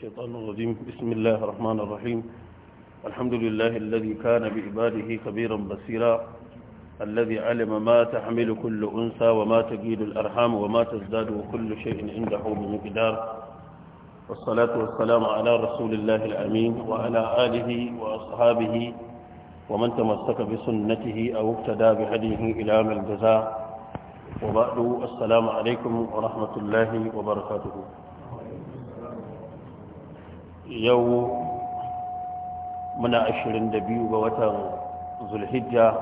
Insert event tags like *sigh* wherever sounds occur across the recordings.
الشيطان الرجيم بسم الله الرحمن الرحيم الحمد لله الذي كان بعباده خبيرا بصيرا الذي علم ما تحمل كل أنثى وما تجيد الأرحام وما تزداد وكل شيء عنده من بمقدار والصلاة والسلام على رسول الله الأمين وعلى آله وأصحابه ومن تمسك بسنته أو اقتدى بهديه إلى من الجزاء وبعد السلام عليكم ورحمة الله وبركاته yau muna ashirin da biyu ga watan zulhijja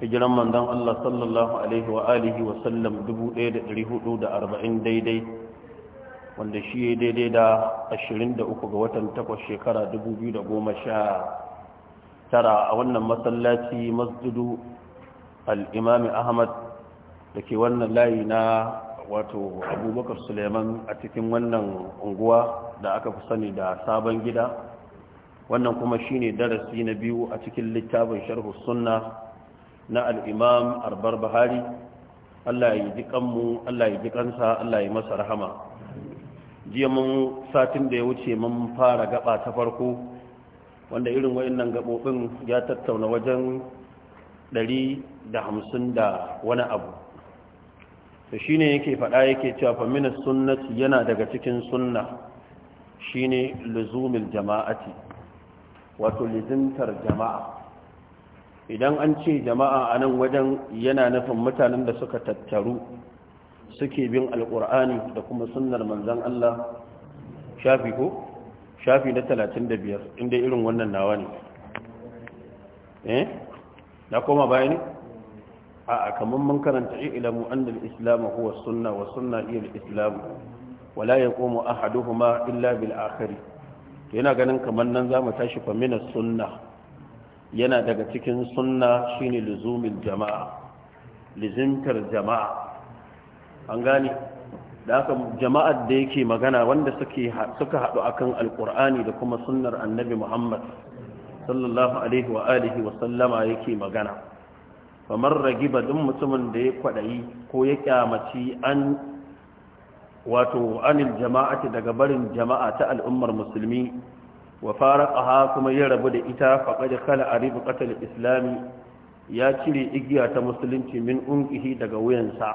hijiran manzon Allah sallallahu alaihi wa alihi wa sallam 1440 daidai wanda shi ya daidai da ashirin da uku ga watan takwas shekara dubu biyu da goma sha tara a wannan masallaci masjidu al'imami ahmad da ke wannan layi na wato abubakar suleiman a cikin wannan unguwa da aka fi sani da sabon gida wannan kuma shine darasi na biyu a cikin littafin sharhu sunna na al'imam arbar Buhari. allah ya yi jikanmu allah ya yi jikansa allah ya yi masa rahama jiya mun satin da ya wuce mun fara gaba ta farko wanda irin wayannan gabobin ya tattauna wajen da hamsin da wani abu to ne yake faɗa yake cewa fa min yana daga cikin sunna shine luzumil jama'ati wato lizintar jama'a idan an ce jama'a a nan wajen yana nufin mutanen da suka tattaru suke bin alkur'ani da kuma sunnar manzan Allah shafi ko shafi na 35 inda irin wannan nawa ne eh na koma bayani a'a kamar mun karanta ilamu annal islam huwa sunna wa sunna iya islam wala yaqumu ahaduhuma illa bil akhir to yana ganin kamar nan zamu tashi fa min sunna yana daga cikin sunna shine luzumil jama'a lizimtar jama'a an gane da haka jama'ar da yake magana wanda suke suka haɗu akan Alƙur'ani da kuma sunnar annabi muhammad sallallahu alaihi wa alihi wa sallama yake magana kamar ragiba din mutumin da ya kwadayi ko ya kyamaci an wato anil jama'ati daga barin jama'a ta al'ummar musulmi wa faraqaha kuma ya rabu da ita faqad khala aribu qatl islami ya cire igiya ta musulunci min unqihi daga wuyansa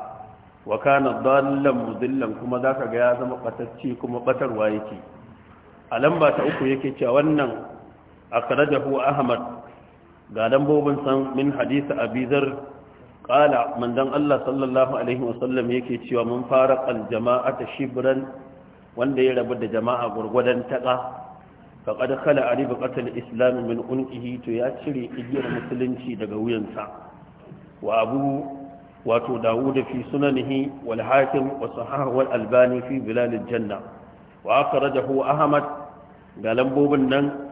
wa kana dallan mudillan kuma zaka ga ya zama batacci kuma batarwa yake a lamba ta uku yake cewa wannan akhrajahu ahmad ga dambobin san min hadisi abizar kala manzon Allah sallallahu alaihi wasallam yake cewa mun fara ta shibran wanda ya rabu da jama'a gurgudan taƙa faƙad khala a riba ƙasar islam min ƙunƙihi to ya cire igiyar musulunci daga wuyansa wa abu wato dawuda fi sunanihi wal hakim wa albani fi bilalil janna wa aka ahmad ga lambobin nan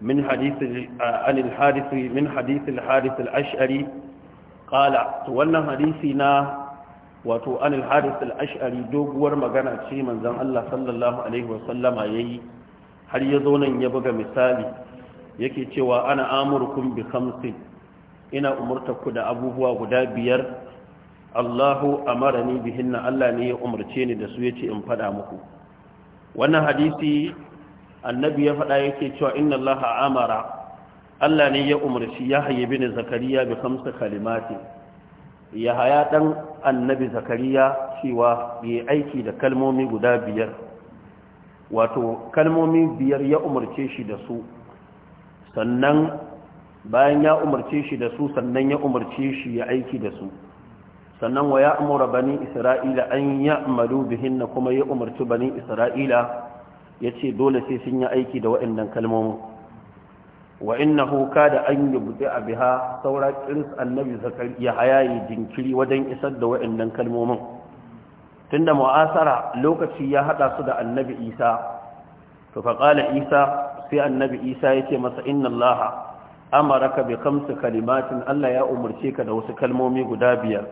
من حديث عن الحارث من حديث الحارث الأشعري قال wato anil harith al-ash'ari doguwar magana ce manzon Allah sallallahu alaihi wa sallama yayi har ya zo nan ya buga misali yake cewa ana amurukum bi khamsin ina umurtaku da abubuwa guda biyar Allahu amarani bihinna Allah ne ya umarce ni da su ya ce in faɗa muku wannan hadisi annabi ya faɗa yake cewa inna Allah amara Allah ne ya umarci ya haye bin zakariya bi kamsa kalimati ya haya dan annabi zakariya cewa yi aiki da kalmomi guda biyar wato kalmomi biyar ya umarce shi da su sannan bayan ya umarce shi da su sannan ya umarce shi ya aiki da su sannan wa ya amura bani isra'ila an yamalu bihinna kuma ya umarci bani isra'ila ya ce dole sai sun yi aiki da waɗannan kalmomin wa innahu da an yi buɗe a biha saura kiris annabi ya hayayi jinkiri wajen isar da waɗannan kalmomin tunda mu'asara lokaci ya haɗa su da annabi isa to faƙala isa sai annabi isa ya ce masa inna allaha amaraka bi kamsu kalimatin allah ya umarce ka da wasu kalmomi guda biyar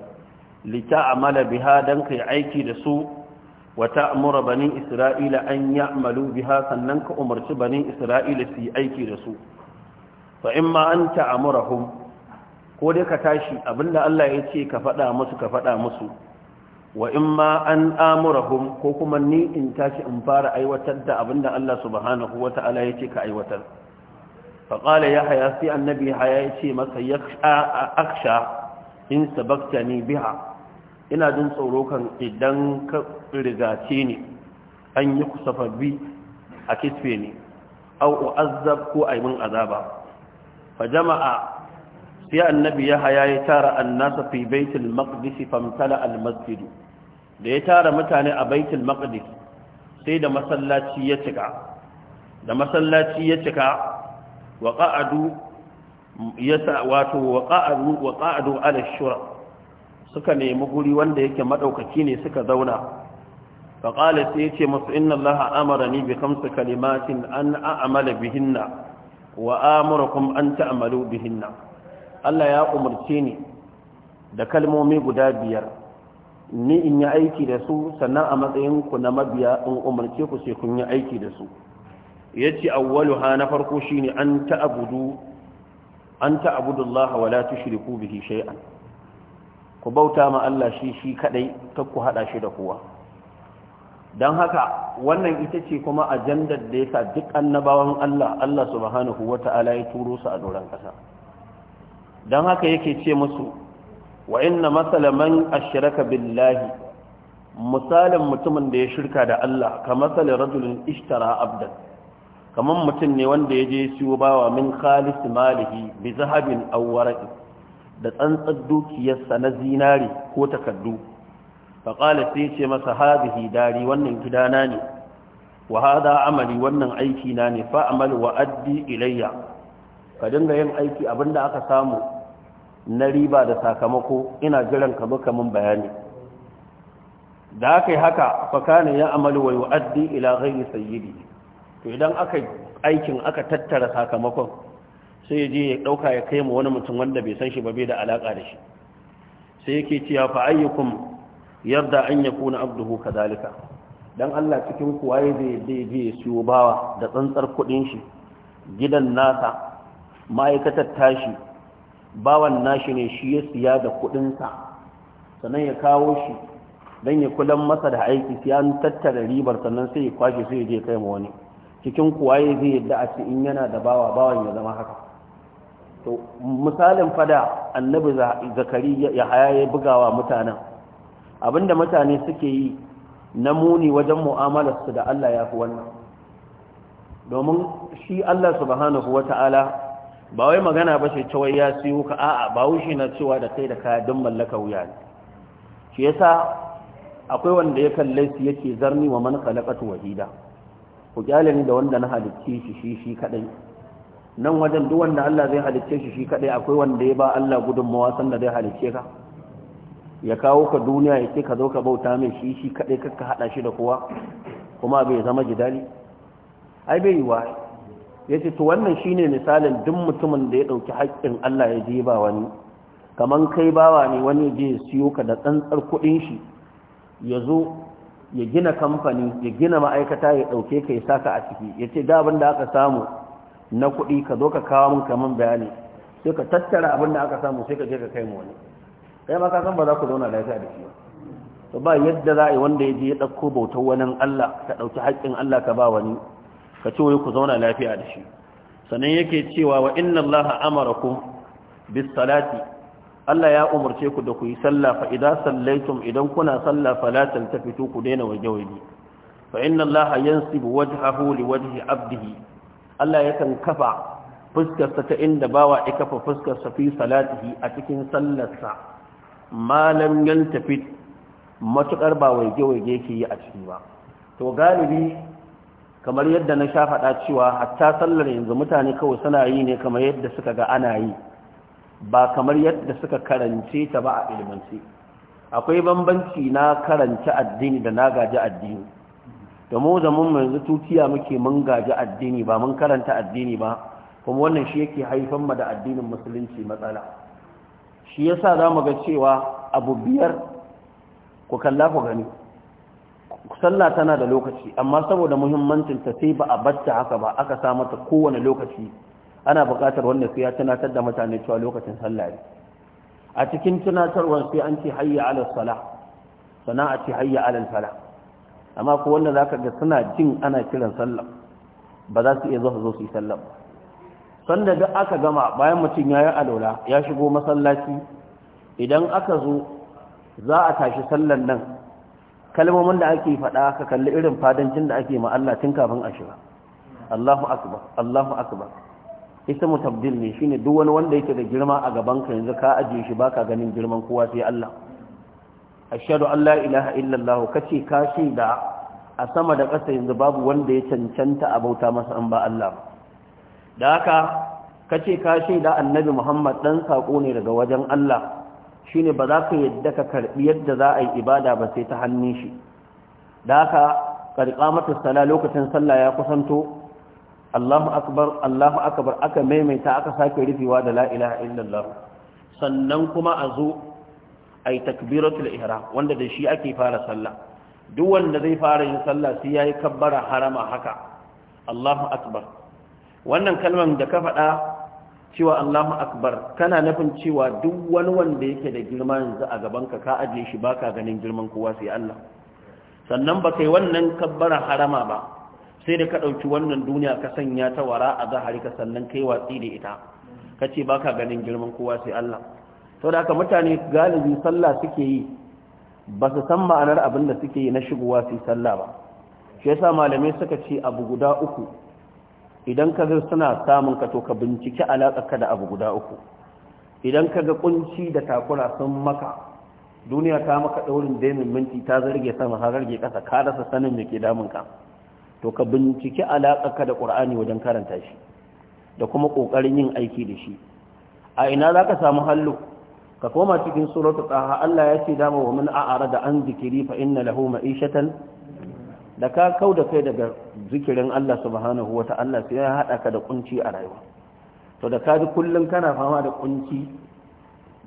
lita amala biha dan ka yi aiki da su wata amura banin isra'ila an yi biha sannan ka umarci banin isra'ila su yi aiki da su fa in ma an ta amura hun ko dai ka tashi abinda Allah ya ka faɗa musu ka faɗa musu wa in ma an amura hun ko kuma ni in tashi in fara aiwatar da abinda Allah subhanahu wa ta'ala ya ce ka aiwatar fa qala ya haya sai annabi haya ya ce masa yaksha aksha in ne biha ina jin tsoro kan idan ka rigace ni an yi fabi a kisfe ne au azab ko a azaba fa jama'a sai annabi ya haya ya tara annasa fi baitul maqdis famtala al masjid da ya tara mutane a baitul maqdis sai da masallaci ya cika da masallaci ya cika wa qa'adu yasa wato wa qa'adu wa qa'adu ala shura suka nemi guri wanda yake maɗaukaki ne suka zauna fa qala sai yace masu inna amara ni bi khamsi kalimatin an a'mala bihinna wa amurukum an ta'malu bihinna Allah ya umarce ni da kalmomi guda biyar ni in yi aiki da su sannan a matsayin ku na mabiya in umarce ku sai kun yi aiki da su yace ha na farko shine an ta'budu an ta'budu Allah wa la tushriku bihi shay'an ku bauta ma Allah shi shi kadai ta ku hada shi da kowa don haka wannan ita ce kuma ajandar da yasa duk annabawan Allah Allah subhanahu wata'ala ya turo su a doron kasa don haka yake ce musu wa inna masala man billahi misalin mutumin da ya shirka da Allah ka masalin rajulin ishtara abdan kamar mutum ne wanda ya je siyo bawa min khalis malihi bi zahabin Auwara'i. da tsantsar dukiyarsa na zinari ko takardu faƙala sai ce masa hazihi dari wannan gidana ne wa hada amali wannan aiki na ne fa'amal wa addi ilayya ka dinga yin aiki abinda aka samu na riba da sakamako ina jiran ka baka min bayani da aka yi haka fakane ya amali wa yu'addi ila ghairi sayyidi to idan aka aikin aka tattara sakamakon sai ya je ya ɗauka ya kai mu wani mutum wanda bai san shi ba bai da alaƙa da shi sai yake cewa fa ayyukum yarda an yakuna abduhu kadalika dan Allah cikin ku waye zai yadda je ya siyo bawa da tsantsar kuɗin shi gidan nasa ma'aikatar tashi bawan nashi ne shi ya siya da sa sannan ya kawo shi dan ya kulan masa da aiki sai an tattara ribar sannan sai ya kwashe sai ya je kai mu wani cikin ku waye zai yadda a in yana da bawa bawan ya zama haka to misalin fada annabi zakari ya haya ya bugawa mutanen abinda mutane suke yi na muni wajen mu'amalarsu da Allah ya fi wannan domin shi Allah subhanahu ta'ala ba wai magana ba shi cewa ya siyo ka a'a ba wushi na cewa da kai da kaya don mallaka wuya ne shi yasa akwai wanda ya kalle su yake zarni wa man khalaqatu wahida ku kyale ni da wanda na halicce shi shi kadai nan wajen duk wanda Allah zai halicce shi shi kadai akwai wanda ya ba Allah gudunmawa sanda zai halicce ka ya kawo ka duniya ya ce ka zo ka bauta mai shi shi kadai kakka hada shi da kowa kuma bai zama jidali ai bai yiwa ya ce to wannan shine misalin duk mutumin da ya dauki haƙƙin Allah ya je ba wani kamar kai bawa ne wani je ya siyo ka da tsantsar kuɗin shi ya zo ya gina kamfani ya gina ma'aikata ya dauke ka ya saka a ciki ya ce da abin da aka samu na kuɗi ka zo ka kawo min kamar bayani sai ka tattara abin da aka samu sai ka je ka kai mu wani kai ma ka ba za ku zauna lafiya da shi ba to ba yadda za a yi wanda ya je ya ɗauko bautar wani Allah ka ɗauki haƙƙin Allah ka ba wani ka ce wai ku zauna lafiya da shi sannan yake cewa wa inna Allah ku bis salati Allah ya umarce ku da ku yi sallah fa idan sallaitum idan kuna sallah fala taltafitu ku daina waje waje fa inna Allah yansibu wajhahu li wajhi abdihi Allah yakan kafa fuskarsa ta inda bawa ya kafa fuskarsa fi salatihi a cikin sallarsa malam yan tafi matukar ba waige-waige ke yi a ciki ba to galibi kamar yadda na sha cewa hatta sallar yanzu mutane kawai suna yi ne kamar yadda suka ga ana yi ba kamar yadda suka karance ta ba a ilimance akwai bambanci na karanta addini da na gaji addini da mu da mun yanzu tutiya muke mun gaji addini ba mun karanta addini ba kuma wannan shi yake haifan mu da addinin musulunci matsala shi yasa zamu ga cewa abu biyar ku kalla ku gani sallah tana da lokaci amma saboda muhimmancin ta sai ba a batta haka ba aka sa mata kowane lokaci ana buƙatar wanda sai ya tunatar da mutane cewa lokacin sallah ne a cikin tunatarwar sai an ce hayya ala salah sana'a ce hayya ala falah amma ko wanda za ka ga suna jin ana kiran sallah ba za su iya zuwa zo su yi sallah ba sanda da aka gama bayan mutum ya yi alola ya shigo masallaci idan aka zo za a tashi sallan nan kalmomin da ake faɗa ka kalli irin fadancin da ake Allah tun kafin a shiga Allahu akbar Allahu akbar ita mutabdil ne shine duk wani wanda yake da girma a gaban ka yanzu ka ajiye shi baka ganin girman kowa sai Allah ashadu an la ilaha illallah kace ka shaida a sama da ƙasa yanzu babu wanda ya cancanta a bauta masa an ba Allah da haka kace ka shaida annabi Muhammad dan sako ne daga wajen Allah shine ba za ka yadda ka karbi yadda za a yi ibada ba sai ta hannun shi da haka karqamatus sala lokacin sallah ya kusanto Allahu akbar Allahu akbar aka maimaita aka sake rufewa da la ilaha illallah sannan kuma a zo ay takbiratul ihram wanda da shi ake fara sallah duk wanda zai fara yin sallah sai yayi kabbara harama haka Allahu akbar wannan kalmar da ka faɗa cewa Allahu akbar kana nufin cewa duk wani wanda yake da girma yanzu a gabanka ka aje shi baka ganin girman kowa sai Allah sannan ba kai wannan kabbara harama ba sai da ka ɗauki wannan duniya ka sanya ta wara a zahari ka sannan kai watsi da ita kace baka ganin girman kowa sai Allah sau da aka mutane galibi sallah suke yi ba su san ma'anar abin da suke yi na shigowa su sallah ba shi yasa malamai suka ce abu guda uku idan ka ga suna samun ka to ka binciki ka da abu guda uku idan ka ga kunci da takura sun maka duniya ta maka ɗaurin daimin minti ta zarge sama har zarge ƙasa ka rasa sanin da ke damun ka to ka binciki ka da ƙur'ani wajen karanta shi da kuma ƙoƙarin yin aiki da shi a ina za ka samu halluk ka koma cikin suratu taha Allah ya ce dama wa ara da an zikiri fa inna lahu ma'ishatan da ka kau da kai daga zikirin Allah subhanahu wata'ala sai ya hada ka da kunci a rayuwa to da ka ji kullun kana fama da kunci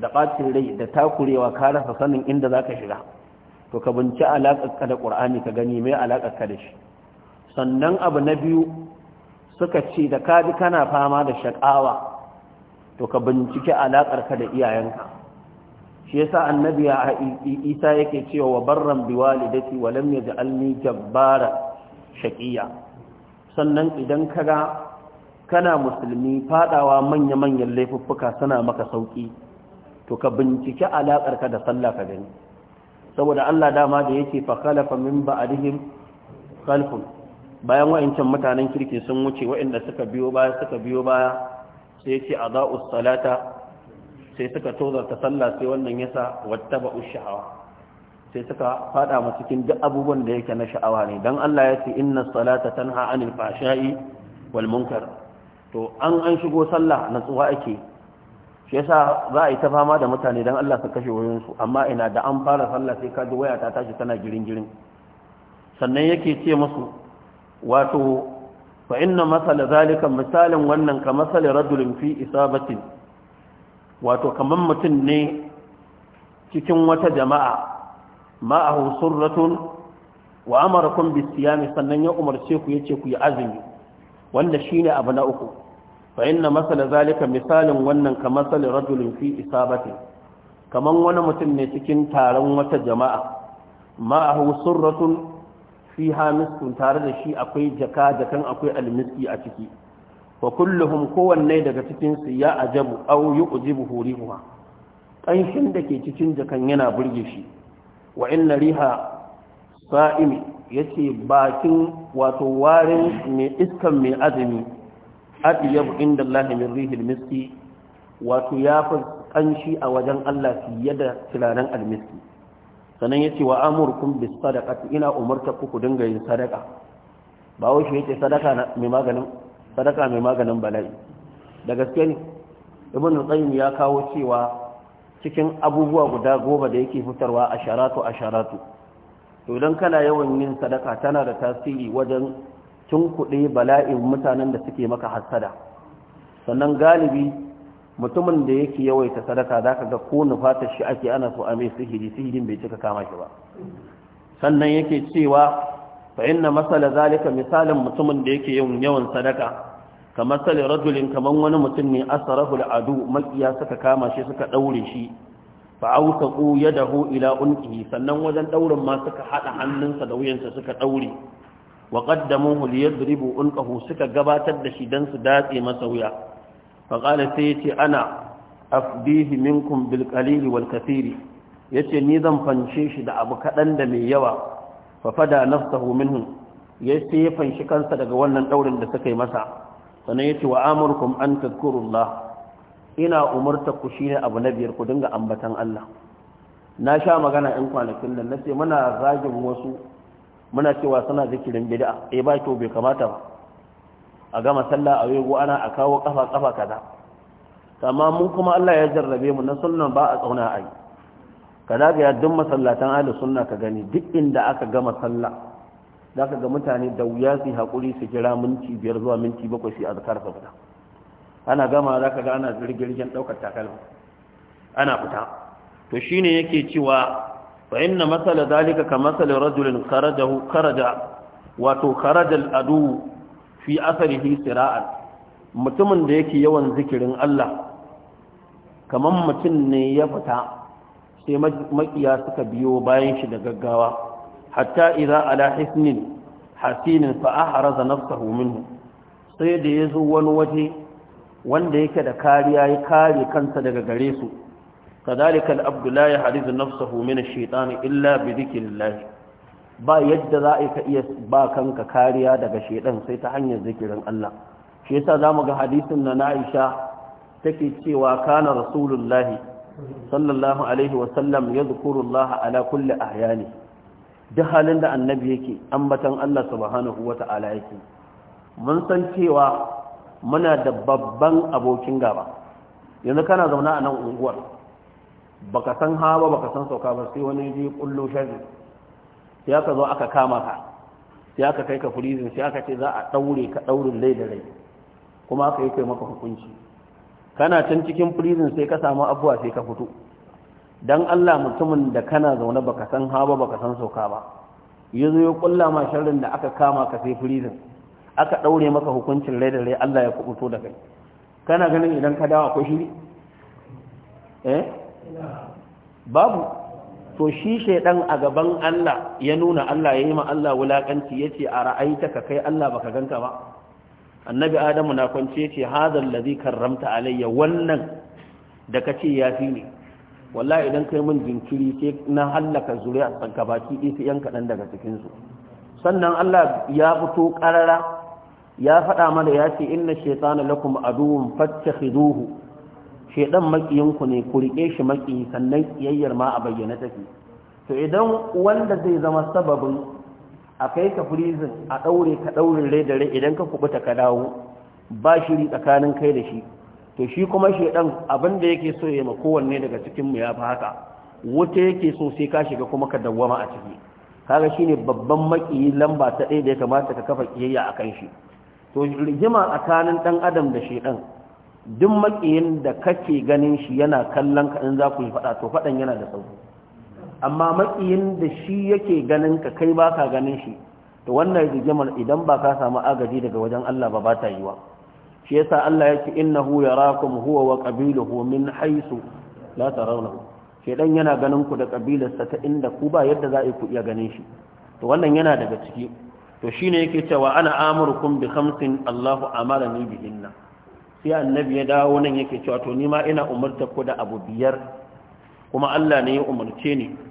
da bacin rai da takurewa ka rasa sanin inda zaka shiga to ka binci alaƙar ka da Qur'ani ka gani mai alaƙar ka da shi sannan abu na biyu suka ce da ka ji kana fama da shakawa to ka binciki alaƙar ka da iyayenka shi yasa annabi Isa yake cewa wa barran walidati wa lam yaj'alni jabbara shaqiya sannan idan kaga kana musulmi fadawa manya-manyan laifuffuka suna maka sauki to ka alakar ka da sallah ka gani saboda Allah dama da yake fa khalafa min ba'dihim khalfun bayan wa'ancan mutanen kirki sun wuce wa'anda suka biyo baya suka biyo baya sai yace adaa'us salata sai suka tozarta sallah sai wannan yasa ba'u sha'awa sai suka fada mu cikin duk abubuwan da yake na sha'awa ne don Allah ya ce inna salata tanha anil fahsha'i wal munkar to an an shigo sallah natsuwa ake shi yasa za a yi ta fama da mutane don Allah su kashe wayoyin su amma ina da an fara sallah sai ka ji waya ta tashi tana girin girin sannan yake ce musu wato fa inna masala zalika misalan wannan ka masali radulin fi isabatin wato kaman mutum ne cikin wata jama'a ma'ahu surratun wa amarakum bisiyami sannan ya umarce ku yace ku yi azumi wanda shine abu na uku fa inna masala zalika misalin wannan kamar salin rajulin fi isabati kaman wani mutum ne cikin taron wata jama'a ma'ahu surratun fi hamiskun tare da shi akwai jaka jakan akwai almiski a ciki wa kulluhum kowanne daga cikinsu ya ajabu au yi ujibu hurihuwa ƙanshin da ke cikin jakan yana burge shi wa inna riha sa'imi ya ce bakin wato warin mai iskan mai azumi adiyabu inda Allah min rihil miski wato ya fi ƙanshi a wajen Allah fiye da turaren almiski sannan ya ce wa amurkun bis sadaka ina umarta ku dinga yin sadaka ba wai shi ce sadaka mai maganin sadaka mai maganin bala'i da gaske ne ibn al-qayyim ya kawo cewa cikin abubuwa guda goma da yake fitarwa a asharatu asharatu to idan kana yawan yin sadaka tana da tasiri wajen tun kuɗi bala'in mutanen da suke maka hassada sannan galibi mutumin da yake yawaita sadaka za ka ga ko nufatar shi ake ana so a mai sihiri sihirin bai cika kama shi ba sannan yake cewa Fa'in na matsala zalika misalin mutumin da yake yin yawan sadaka Ka matsala rajulin kamar wani mutum ne asarahu adu makiya suka kama shi suka ɗaure shi ku ya yadahu ila unki, sannan wajen ɗaurin ma suka haɗa hannunsa da wuyansa suka ɗaure wa qaddamuhu liyadribu unkahu suka gabatar da shi dan su datse masa wuya fa sai yace ana afdihi minkum bil qalil wal kasiri yace ni zan fance shi da abu kaɗan da mai yawa fa fada nafsahu minhu ya sai ya fanshi kansa daga wannan daurin da suka yi masa sannan ya ce wa amurkum an tadhkurullah ina umarta ku shine abu na biyar ku dinga ambatan Allah na sha magana in kwanakin nan nace muna zagin wasu muna cewa suna zikirin bid'a eh ba to bai kamata ba a gama sallah a yego ana a kawo kafa kafa kaza amma mun kuma Allah ya jarrabe mu na sunnan ba a tsauna a yi ka ya duk masallatan ahlus sunna ka gani duk inda aka gama sallah zaka ga mutane da wuya su hakuri su jira minti biyar zuwa minti bakwai su azkar ka fita ana gama zaka ga ana girgirgen daukar takalma ana fita to shine yake cewa fa inna masala zalika ka masala rajulin kharajahu kharaja wato al adu fi asarihi sira'an mutumin da yake yawan zikirin Allah kamar mutum ne ya fita sai makiya suka biyo bayan shi da gaggawa hatta idza ala hisnin hasinin fa ahraza nafsahu sai da ya zo wani waje wanda yake da kariya ya kare kansa daga gare su kadhalika al-abdullah yahrizu nafsahu min ash-shaytan illa bi dhikrillah ba yadda za ka iya ba kanka kariya daga shaytan sai ta hanyar zikirin Allah shi yasa zamu ga hadisin na Aisha take cewa kana rasulullahi sallallahu alaihi wasallam ya Allah ala kulli ahyani duk halin da annabi yake ambatan Allah subhanahu wata'ala yake mun san cewa muna da babban abokin gaba yanzu kana zauna a nan unguwar baka san hawa baka san sauka ba sai wani ji kullu sharri sai aka zo aka kama ka sai aka kai ka prison sai aka ce za a daure ka daurin lai da rai kuma aka yi kai maka hukunci kana can cikin prison sai ka samu abuwa sai ka fito dan Allah mutumin da kana zaune baka san haba baka san Soka ba zo ya kulla ma sharrin da aka kama ka sai prison aka daure maka hukuncin rai da rai Allah ya kubuto da kai kana ganin idan ka dawo akwai shiri eh babu to shi shaidan a gaban Allah ya nuna Allah ya yi ma Allah wulakanci ce a ta ka kai Allah baka ganka ba annabi adamu na kwance yace hadha allazi karramta alayya wannan da kace yafi ne wallahi idan kai mun jinkiri sai na hallaka zuriya tsanka baki dai yan kaɗan daga cikinsu. sannan Allah ya fito karara ya faɗa mana ya ce inna shaytana lakum aduwwun hiduhu. Shaɗan makiyinku ne ku riƙe shi maki sannan ƙiyayyar ma a bayyana take to idan wanda zai zama sababin a kai ka prison a ɗaure ka ɗaurin rai da rai idan ka kubuta ka dawo ba shi shiri tsakanin kai da shi to shi kuma shedan abin da yake so ya ma kowanne daga cikin mu ya fi haka wuta yake so sai ka shiga kuma ka dawwama a ciki kaga shine babban makiyi lamba ta ɗaya da ya kamata ka kafa kiyayya a kan shi to rigima tsakanin ɗan adam da shedan duk makiyin da kake ganin shi yana kallon ka in za ku yi faɗa to faɗan yana da sauki amma makiyin da shi yake ganin ka kai ba ka ganin shi to wannan rigimar idan ba ka samu agaji daga wajen Allah ba ba ta wa. shi yasa Allah yake innahu yarakum huwa wa qabiluhu min haythu la tarawnahu shedan yana ganin ku da kabilarsa ta inda ku ba yadda za ku iya ganin shi to wannan yana daga ciki to shine yake cewa ana amurkun bi hamsin Allahu amarani bihinna sai annabi ya dawo nan yake cewa to ni ma ina umarta ku da abu biyar kuma Allah ne ya umarce ni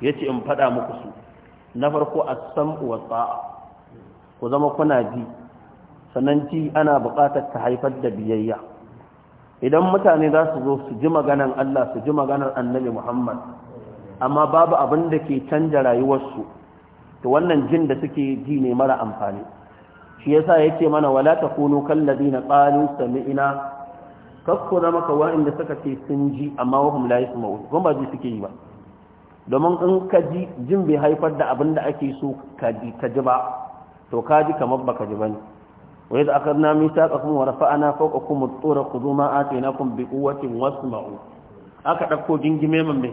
ya ce in faɗa muku su na farko a sam'u wa ku zama kuna ji sannan ana buƙatar ta haifar da biyayya idan mutane za su zo su ji maganan Allah su ji maganar annabi Muhammad amma babu abin da ke canja rayuwarsu to wannan jin da suke ji ne mara amfani shi yasa yake mana wala takunu kalladina qalu sami'na ina na maka wa'inda suka ce sun ji amma wahum la yasma'u kuma ji suke yi ba domin in ka ji jin bai haifar da abin da ake so ka ji ka ji ba to ka ji kamar baka ji bane wai da aka na mita ka kuma rafa ana fauka kuma tsora ku zo ma a ce na kun bi kuwacin wasu ma'u aka ɗauko gingime mai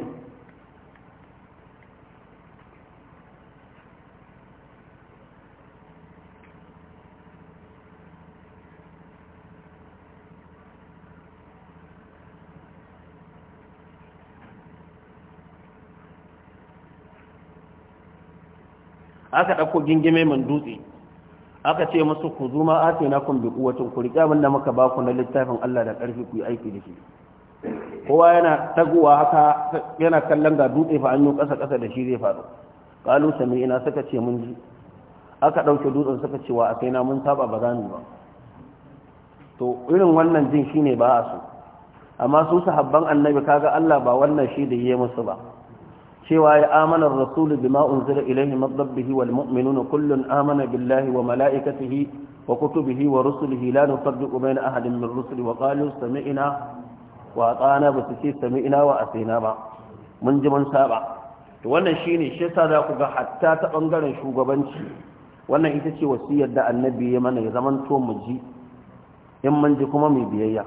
aka ɗauko gingime man dutse aka ce musu ku zuma ce na kun bi kuwacin ku riƙe abin da muka ba ku na littafin Allah da ƙarfi ku yi aiki da shi kowa yana taguwa haka yana kallon ga dutse fa an yi ƙasa ƙasa da shi zai faɗo kalu sami ina suka ce mun ji aka ɗauke dutsen suka cewa a kai na mun saba ba za ba to irin wannan jin shine ba a so amma su sahabban annabi kaga Allah ba wannan shi da yi musu ba cewa ya amana rasulu bima unzila ilaihi min rabbihi wal mu'minuna kullun amana billahi wa malaikatihi wa kutubihi wa rusulihi la nufarriqu bayna ahadin min rusuli wa qalu sami'na wa atana ba su ce sami'na wa asina ba mun ji mun saba to wannan shine shi yasa za ku ga hatta ta bangaren shugabanci wannan ita ce wasiyar da annabi ya mana ya zaman to mu ji in mun ji kuma mu biyayya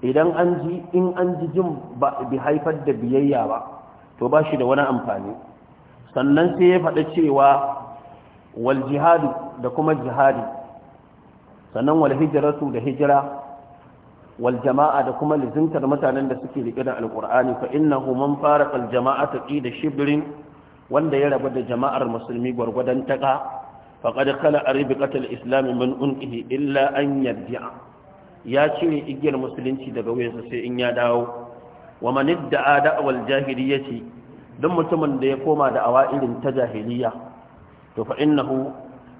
idan an ji in an ji jin ba bi haifar da biyayya ba to ba shi da wani amfani sannan sai ya faɗa cewa wal jihadu da kuma jihadi sannan wal hijiratu da hijira wal jama'a da kuma lizintar mutanen da suke riƙe da alƙur'ani fa innahu man farqa al jama'ata qida shibrin wanda ya rabu da jama'ar musulmi gwargwadon taka faqad kala arbiqatul islam min unqihi illa an yarji'a ya cire igiyar musulunci daga wayansa sai in ya dawo wa man idda'a da'wal jahiliyyati dan mutumin da ya koma da awa irin ta jahiliya to fa innahu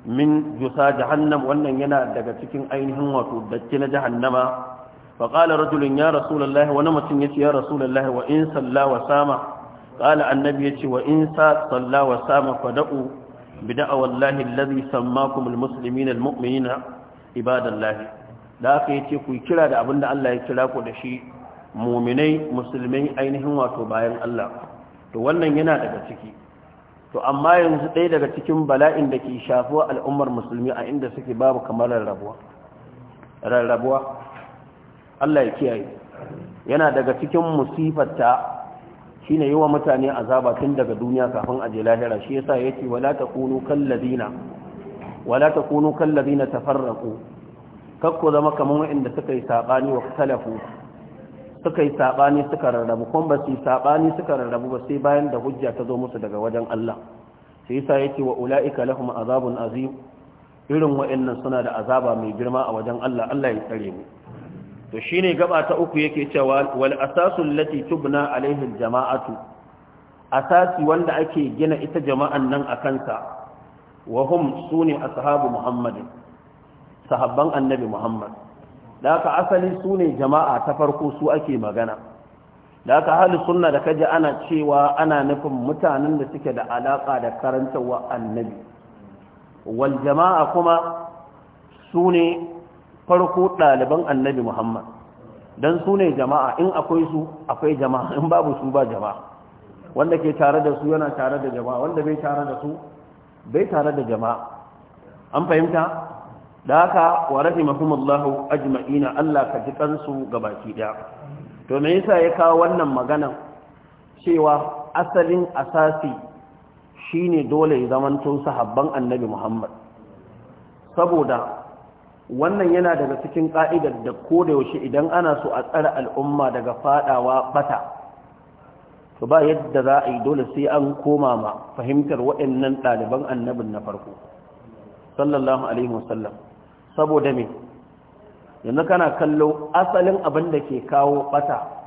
min jusa jahannam wannan yana daga cikin ainihin wato datti na jahannama fa qala rajulun ya rasulullahi wa mutum yace ya rasulullahi wa in salla wa sama qala annabi yace wa in sa salla wa sama fa da'u bi da'wa wallahi alladhi sammakum almuslimina almu'minina ibadallahi da aka yace ku kira da abinda Allah ya kira ku da shi muminai musulmai ainihin wato bayan Allah to wannan yana daga ciki to amma yanzu ɗaya daga cikin bala'in da ke shafuwa al'ummar musulmi a inda suke babu kamar rarrabuwa Allah ya kiyaye yana daga cikin musifarta shine yi wa mutane azaba tun daga duniya kafin a je lahira shi yasa yake wala takunu kalladina wala takunu kalladina kakko zama kamar waɗanda suka yi saɓani wa talafu suka yi saɓani suka rarrabu kuma ba su yi saɓani suka rarrabu ba sai bayan da hujja ta zo musu daga wajen Allah sai yasa yake wa ula'ika lahum azabun azim irin wa'annan suna da azaba mai girma a wajen Allah Allah ya tsare mu to shine gaba ta uku yake cewa wal asasu allati tubna alaihi al jama'atu asasi wanda ake gina ita jama'an nan akan wahum wa hum sune ashabu muhammadin sahabban annabi muhammad da haka asali su ne jama'a ta farko su ake magana da haka hali suna da kaji ana cewa ana nufin mutanen da suke da alaƙa da karantarwa annabi wal jama'a kuma su ne farko ɗaliban annabi muhammad don su ne jama'a in akwai su akwai jama'a in babu su ba jama'a wanda ke tare da su yana tare da jama'a wanda bai tare da su bai tare da jama'a an fahimta da haka wa rahimahumullahu ajma'ina Allah ka ji kansu gabaki daya to me yasa ya kawo wannan magana cewa asalin asasi shine dole ya zamanto sahabban annabi Muhammad saboda wannan yana daga cikin ka'idar da koda yaushe idan ana so a tsara al'umma daga fadawa bata to ba yadda za a yi dole sai an koma ma fahimtar waɗannan ɗaliban annabin na farko sallallahu alaihi wasallam saboda me yanzu kana kallo asalin abin da ke kawo bata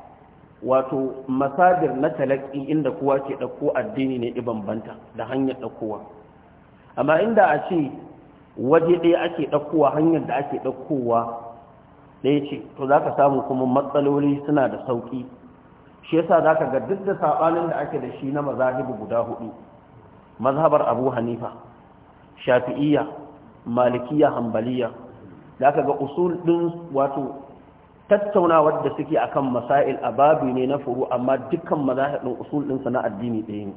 wato masadir na talaki inda kowa ke ɗauko addini ne ibambanta da hanyar ɗaukowa amma inda a ce waje ɗaya ake ɗaukowa hanyar da ake ɗaukowa ɗaya ce to za ka samu kuma matsaloli suna da sauƙi shi yasa za ka ga duk da saɓanin da ake da shi na mazahibu guda hudu mazhabar abu hanifa shafi'iyya malikiya hambaliya da aka ga usul ɗin wato tattaunawar da suke a kan masail a babu ne na furu amma dukkan mazahidin usul ɗinsa na addini ɗaya ne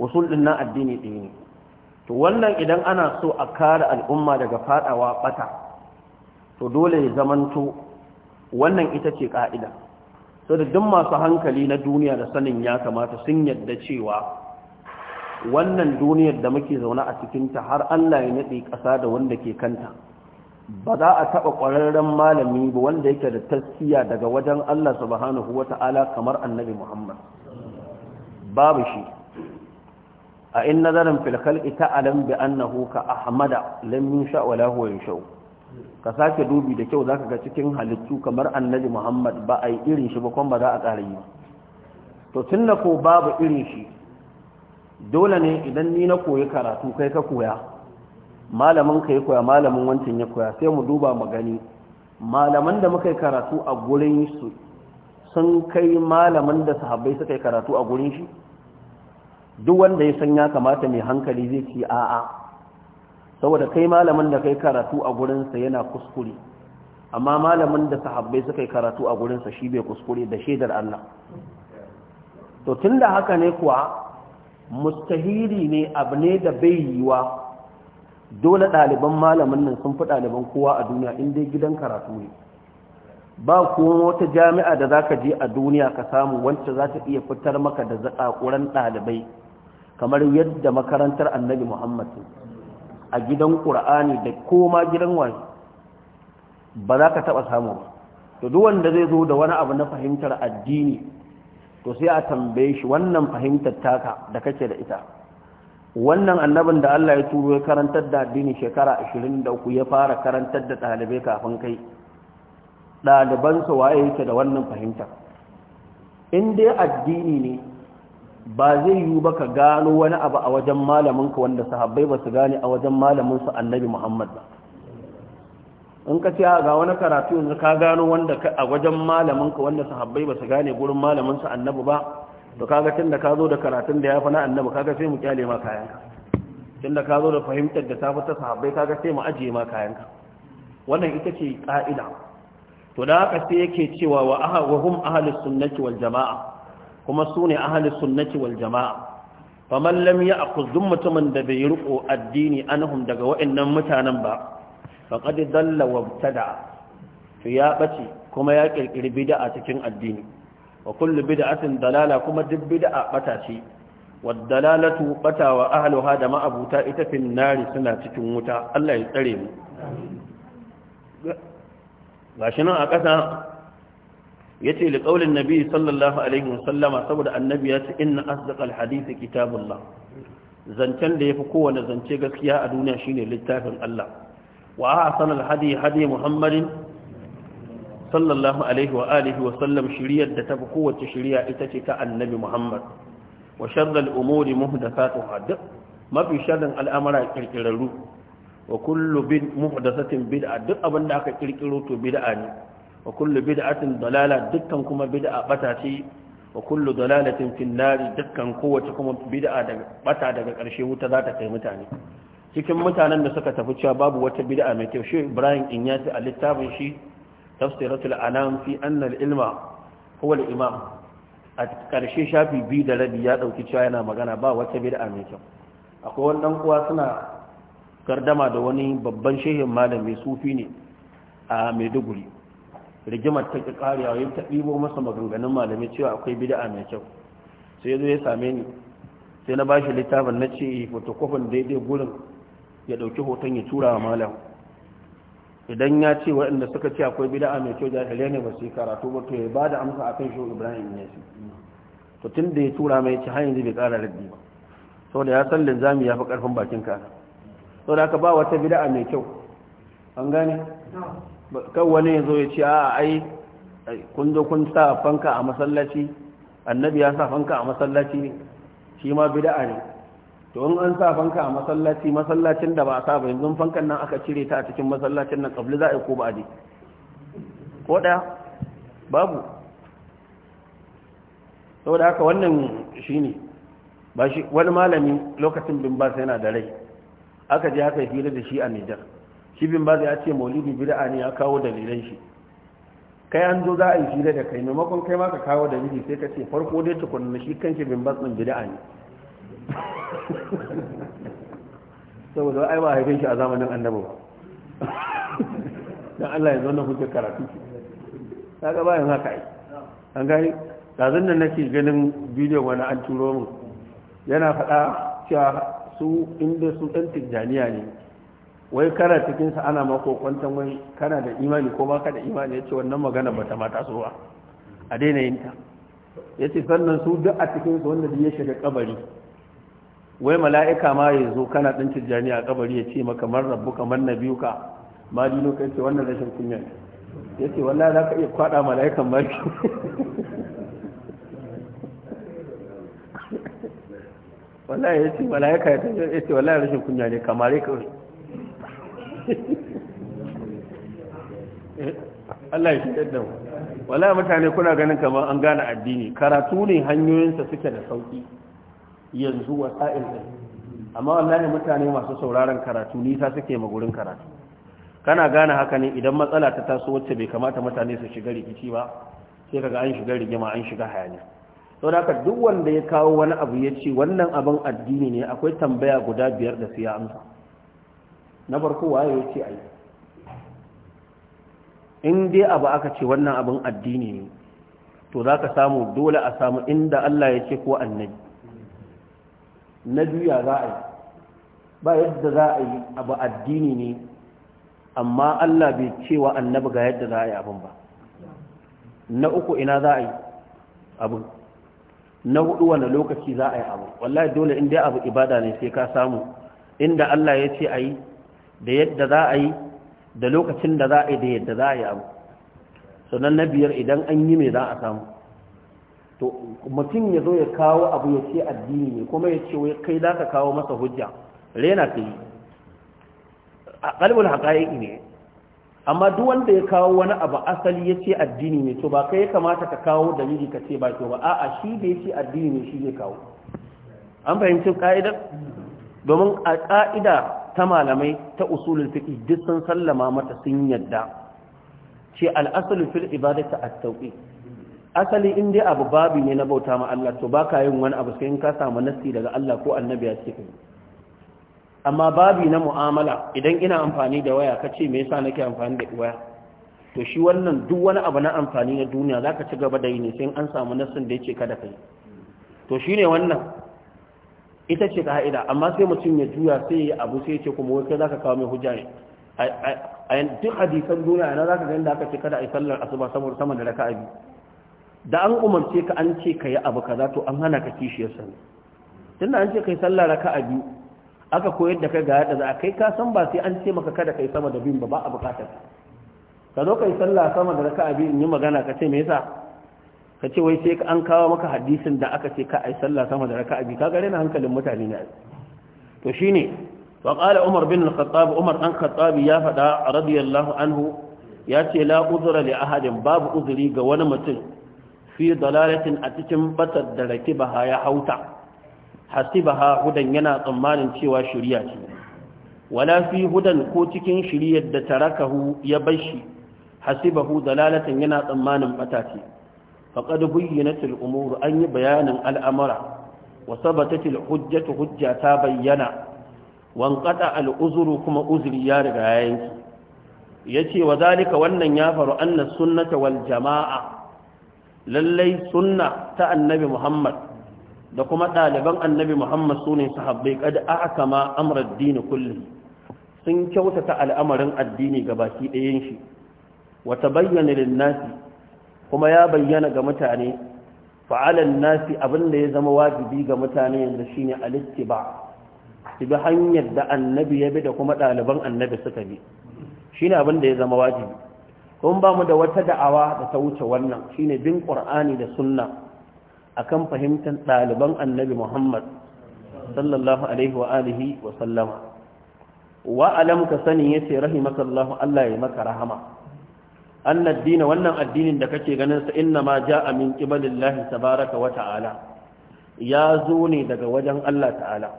usul ɗin na addini ɗaya ne to wannan idan ana so a kare al'umma daga fadawa bata to dole ya zamanto wannan ita ce ka'ida so da duk masu hankali na duniya da sanin ya kamata sun yadda cewa wannan duniyar da muke zaune a cikin ta har Allah ya nade ƙasa da wanda ke kanta ba za a taɓa ƙwararren malami ba wanda yake da taskiya daga wajen Allah subhanahu wa ta'ala kamar annabi Muhammad babu shi a in nazarin filkal ita alam bi annahu ka ahmada lam yusha wa yusha ka sake dubi da kyau zaka ga cikin halittu kamar annabi Muhammad ba a yi irin shi ba kuma ba za a ƙara yi to tunda ko babu irin shi dole ne idan ni na koyi karatu kai ka koya malamin ka ya koya malamin wancan ya koya sai mu duba mu gani malaman da muka yi karatu a gurin su sun kai malaman da sahabbai suka yi karatu a gurin shi duk wanda ya san ya kamata mai hankali zai ci a'a saboda kai malamin da kai karatu a gurinsa yana kuskure amma malamin da sahabbai suka yi karatu a gurinsa shi bai kuskure da shaidar Allah to tunda haka ne kuwa mustahili ne abu ne da bai yiwa dole ɗaliban malamin nan sun fi ɗaliban kowa a duniya inda gidan karatu ne ba kuma wata jami'a da za ka je a duniya ka samu wancan za ta iya fitar maka da zaƙaƙuran ɗalibai kamar yadda makarantar annabi muhammad a gidan ƙura'ani da koma gidan wani ba za ka taɓa samu ba da duk zai zo da wani abu na fahimtar addini to sai a tambaye shi wannan fahimtar taka da kake da ita wannan annabin da Allah ya turo ya karantar da addini shekara 23 ya fara karantar da ɗalibai kafin kai ɗalibansa waye yake da wannan fahimta in dai addini ne ba zai yiwu ba ka gano wani abu a wajen malaminka wanda sahabbai ba su gane a wajen malaminsu annabi muhammad ba in ka ce ga wani karatu yanzu ka gano wanda a wajen malaminka wanda sahabbai ba su gane gurin malaminsa su annabi ba to kaga tun da ka zo da karatun da ya fi na annabi kaga sai mu kyale ma kayanka tun da ka zo da fahimtar da ta fi ta sahabbai kaga sai mu ajiye ma kayanka wannan ita ce ƙa'ida. to da haka sai yake cewa wa hum ahlus sunnati wal jama'a kuma su ne ahalin sunnati wal jama'a faman lam ya akuzun mutumin da bai riko addini anhum daga wa'annan mutanen ba faƙaɗi dalla wa tada to ya ɓace kuma ya ƙirƙiri bida'a cikin addini wa kullu bida'atin dalala kuma duk bida'a ɓata ce wa dalalatu ɓata wa ahaluha da ma'abuta ita fin nari suna cikin wuta Allah ya tsare mu gashi nan a ƙasa ya ce liƙaulin ƙaunin nabi sallallahu alaihi wasallama saboda annabi ya ce inna asdaqal hadisi kitabullah zancen da ya fi kowane zance gaskiya a duniya shine littafin Allah وأحسن الحدي حدي محمد صلى الله عليه وآله وسلم شريعة تبقوة شريعة تتكى النبي محمد وشر الأمور مهدفاتها دق ما في شر الأمر كالكرلو وكل بد مهدثة بدعة دق أبن داك كالكرلو بدعاني وكل بدعة ضلالة دقا كما بدعة بتاتي وكل ضلالة في النار دقا قوة كما بدعة بتاتي دقا قرشي وتذاتك المتاني cikin mutanen da suka tafi cewa babu wata bid'a mai kyau shi Ibrahim Inyasi a littafin shi tafsiratul anam fi anna ilma huwa al-imam a ƙarshe shafi biyu da rabi ya ɗauki cewa yana magana ba wata bid'a mai kyau akwai wani dan uwa suna gardama da wani babban shehin malami sufi ne a Maiduguri rigimar ta kariya yayin ta ɗibo masa maganganun malami cewa akwai bid'a mai kyau sai yazo ya same ni sai na bashi littafin na ce fotokofin daidai gurin ya ɗauki hoton ya tura wa malam idan ya ce waɗanda suka ce akwai bida'a mai kyau jahilai ne ba yi karatu ba to ya ba da amsa akan shi ibrahim ya ce to tun da ya tura mai ci hanyar bai ƙara raddi ba saboda ya san linzami ya fi ƙarfin bakin ka saboda haka ba wata bida'a mai kyau an gane kan wani ya zo ya ce a ai kun zo kun sa fanka a masallaci annabi ya sa fanka a masallaci shi ma bida'a ne to in an sa fanka a masallaci masallacin da ba a sa ba yanzu fankan nan aka cire ta a cikin masallacin nan kabli za a yi ko ba a je ko ɗaya babu saboda haka wannan shine ba shi wani malami lokacin bin ba yana da rai aka je aka hira da shi a Nijar shi bin ba ya ce maulidi bid'a ne ya kawo dalilan shi kai an zo za a yi hira da kai maimakon kai ma ka kawo dalili sai ka ce farko dai tukunna shi kanki bin ba bida'a bid'a ne saboda ai ba haife shi a zamanin annabi ba Allah ya zauna kuke karatu ga bayan haka ai an gani dazun nan nake ganin bidiyon wani an turo min yana faɗa cewa su inda su ɗan tijjaniya ne wai kana cikinsa ana mako kwantan wai kana da imani ko baka da imani ce wannan magana ta mata so a daina yin ta yace sannan su duk a cikinsa wanda wanda ya shiga kabari wai mala'ika ma ya zo kana ɗin tijjani a kabari ya ce maka man rabu kamar na biyu ka ma dino ka ce wannan rashin kunya ya ce wallahi za ka iya kwaɗa mala'ikan ma ki *laughs* wallahi ya ce mala'ika ya ce wallahi rashin kunya ne ya kawai *laughs* Allah ya shi da mu Wala mutane kuna ganin kamar an gane addini karatu ne hanyoyinsa suke da sauki yanzu wasa'il ɗin amma wallahi mutane masu sauraron karatu nisa suke magurin karatu kana gane haka ne idan matsala ta taso wacce bai kamata mutane su shiga rikici ba sai kaga an shiga rigima an shiga hayaniya to da duk wanda ya kawo wani abu ya ce wannan abin addini ne akwai tambaya guda biyar da su ya amsa na farko waye ya ce ai in dai abu aka ce wannan abin addini ne to za ka samu dole a samu inda Allah ya ce ko annabi na duya za a yi ba yadda za a yi abu addini ne amma Allah bai cewa annabi ga yadda za a yi abin ba na uku ina za a yi abin na hudu wani lokaci za a yi abu wallahi dole inda abu ibada ne sai ka samu inda Allah ya ce a yi da yadda za a yi da lokacin da za a yi da yadda za a yi abu sannan na biyar idan an yi mai za a samu to mutum ya zo ya kawo abu ya ce addini ne kuma ya ce kai za ka kawo masa hujja rena ta yi a ƙalibin haƙa'iƙi ne amma duk wanda ya kawo wani abu asali ya ce addini ne to ba kai ya kamata ka kawo dalili ka ce ba to ba a'a shi da ya ce addini ne shi zai kawo an fahimci ka'idar domin a ƙa'ida ta malamai ta usulun fiƙi duk sun sallama mata sun yadda ce al'asalin aslu fil ibadati at asali in dai abu babu ne na bauta ma Allah to baka yin wani abu sai in ka samu nasi daga Allah ko annabi ya ce kai amma babi na mu'amala idan ina amfani da waya kace me yasa nake amfani da waya to shi wannan duk wani abu na amfani na duniya zaka ci gaba da yi ne sai an samu nasin da yake kada kai to shine wannan ita ce ka'ida amma sai mutum ya juya sai ya abu sai ya ce kuma wai kai zaka kawo mai hujja a duk hadisan duniya na zaka ga inda aka ce kada ai sallar asuba saboda sama da raka'a biyu da an umarce ka an ce ka yi abu kaza to an hana ka kishiyar sani tun da an ce ka yi sallah raka a biyu aka koyar da kai ga yadda za a kai ka san ba sai an ce maka kada ka yi sama da biyun ba ba a bukatar ka zo ka yi sallah sama da raka a biyu in yi magana ka ce me yasa ka ce wai sai an kawo maka hadisin da aka ce ka a yi sallah sama da raka a biyu ka gare na hankalin mutane ne to shine wa qala umar bin al-khattab umar an khattabi ya faɗa radiyallahu anhu ya ce la uzra li ahadin babu uzuri ga wani mutum fi dalalatin a cikin batar da rake baha ya hauta hasibaha hudan yana tsammanin cewa shiriya ce wala fi hudan ko cikin shiriyar da tarakahu ya bashi hasibahu dalalatan yana tsammanin bata ce faqad buyyinatil umur an yi bayanin al'amara wa sabatatil hujjatu hujja ta bayyana wanqata al'uzuru kuma uzuri ya riga yayin yace wa zalika wannan ya faru anna sunnata wal jama'a lallai sunna ta annabi muhammad da kuma ɗaliban annabi muhammad su ne sahabbai kada aka ma amurar dini kulli sun kyautata al'amarin addini ga baki ɗayan shi wata bayyana linnasi kuma ya bayyana ga mutane fa'alan nasi abinda ya zama wajibi ga mutane yanzu shine ba. su bi hanyar da annabi ya bi da kuma ɗaliban annabi suka bi shine abinda ya zama wajibi kun ba mu da wata da'awa da ta wuce wannan shine bin Ƙur'ani da sunna akan fahimtar ɗaliban annabi muhammad sallallahu alaihi wa alihi wa sallama wa alam ka sani yace allah ya maka rahama annad dina wannan addinin da kake ganin sa inna ma jaa min qibalillahi tabaaraka wa ta'ala ya zo ne daga wajen allah ta'ala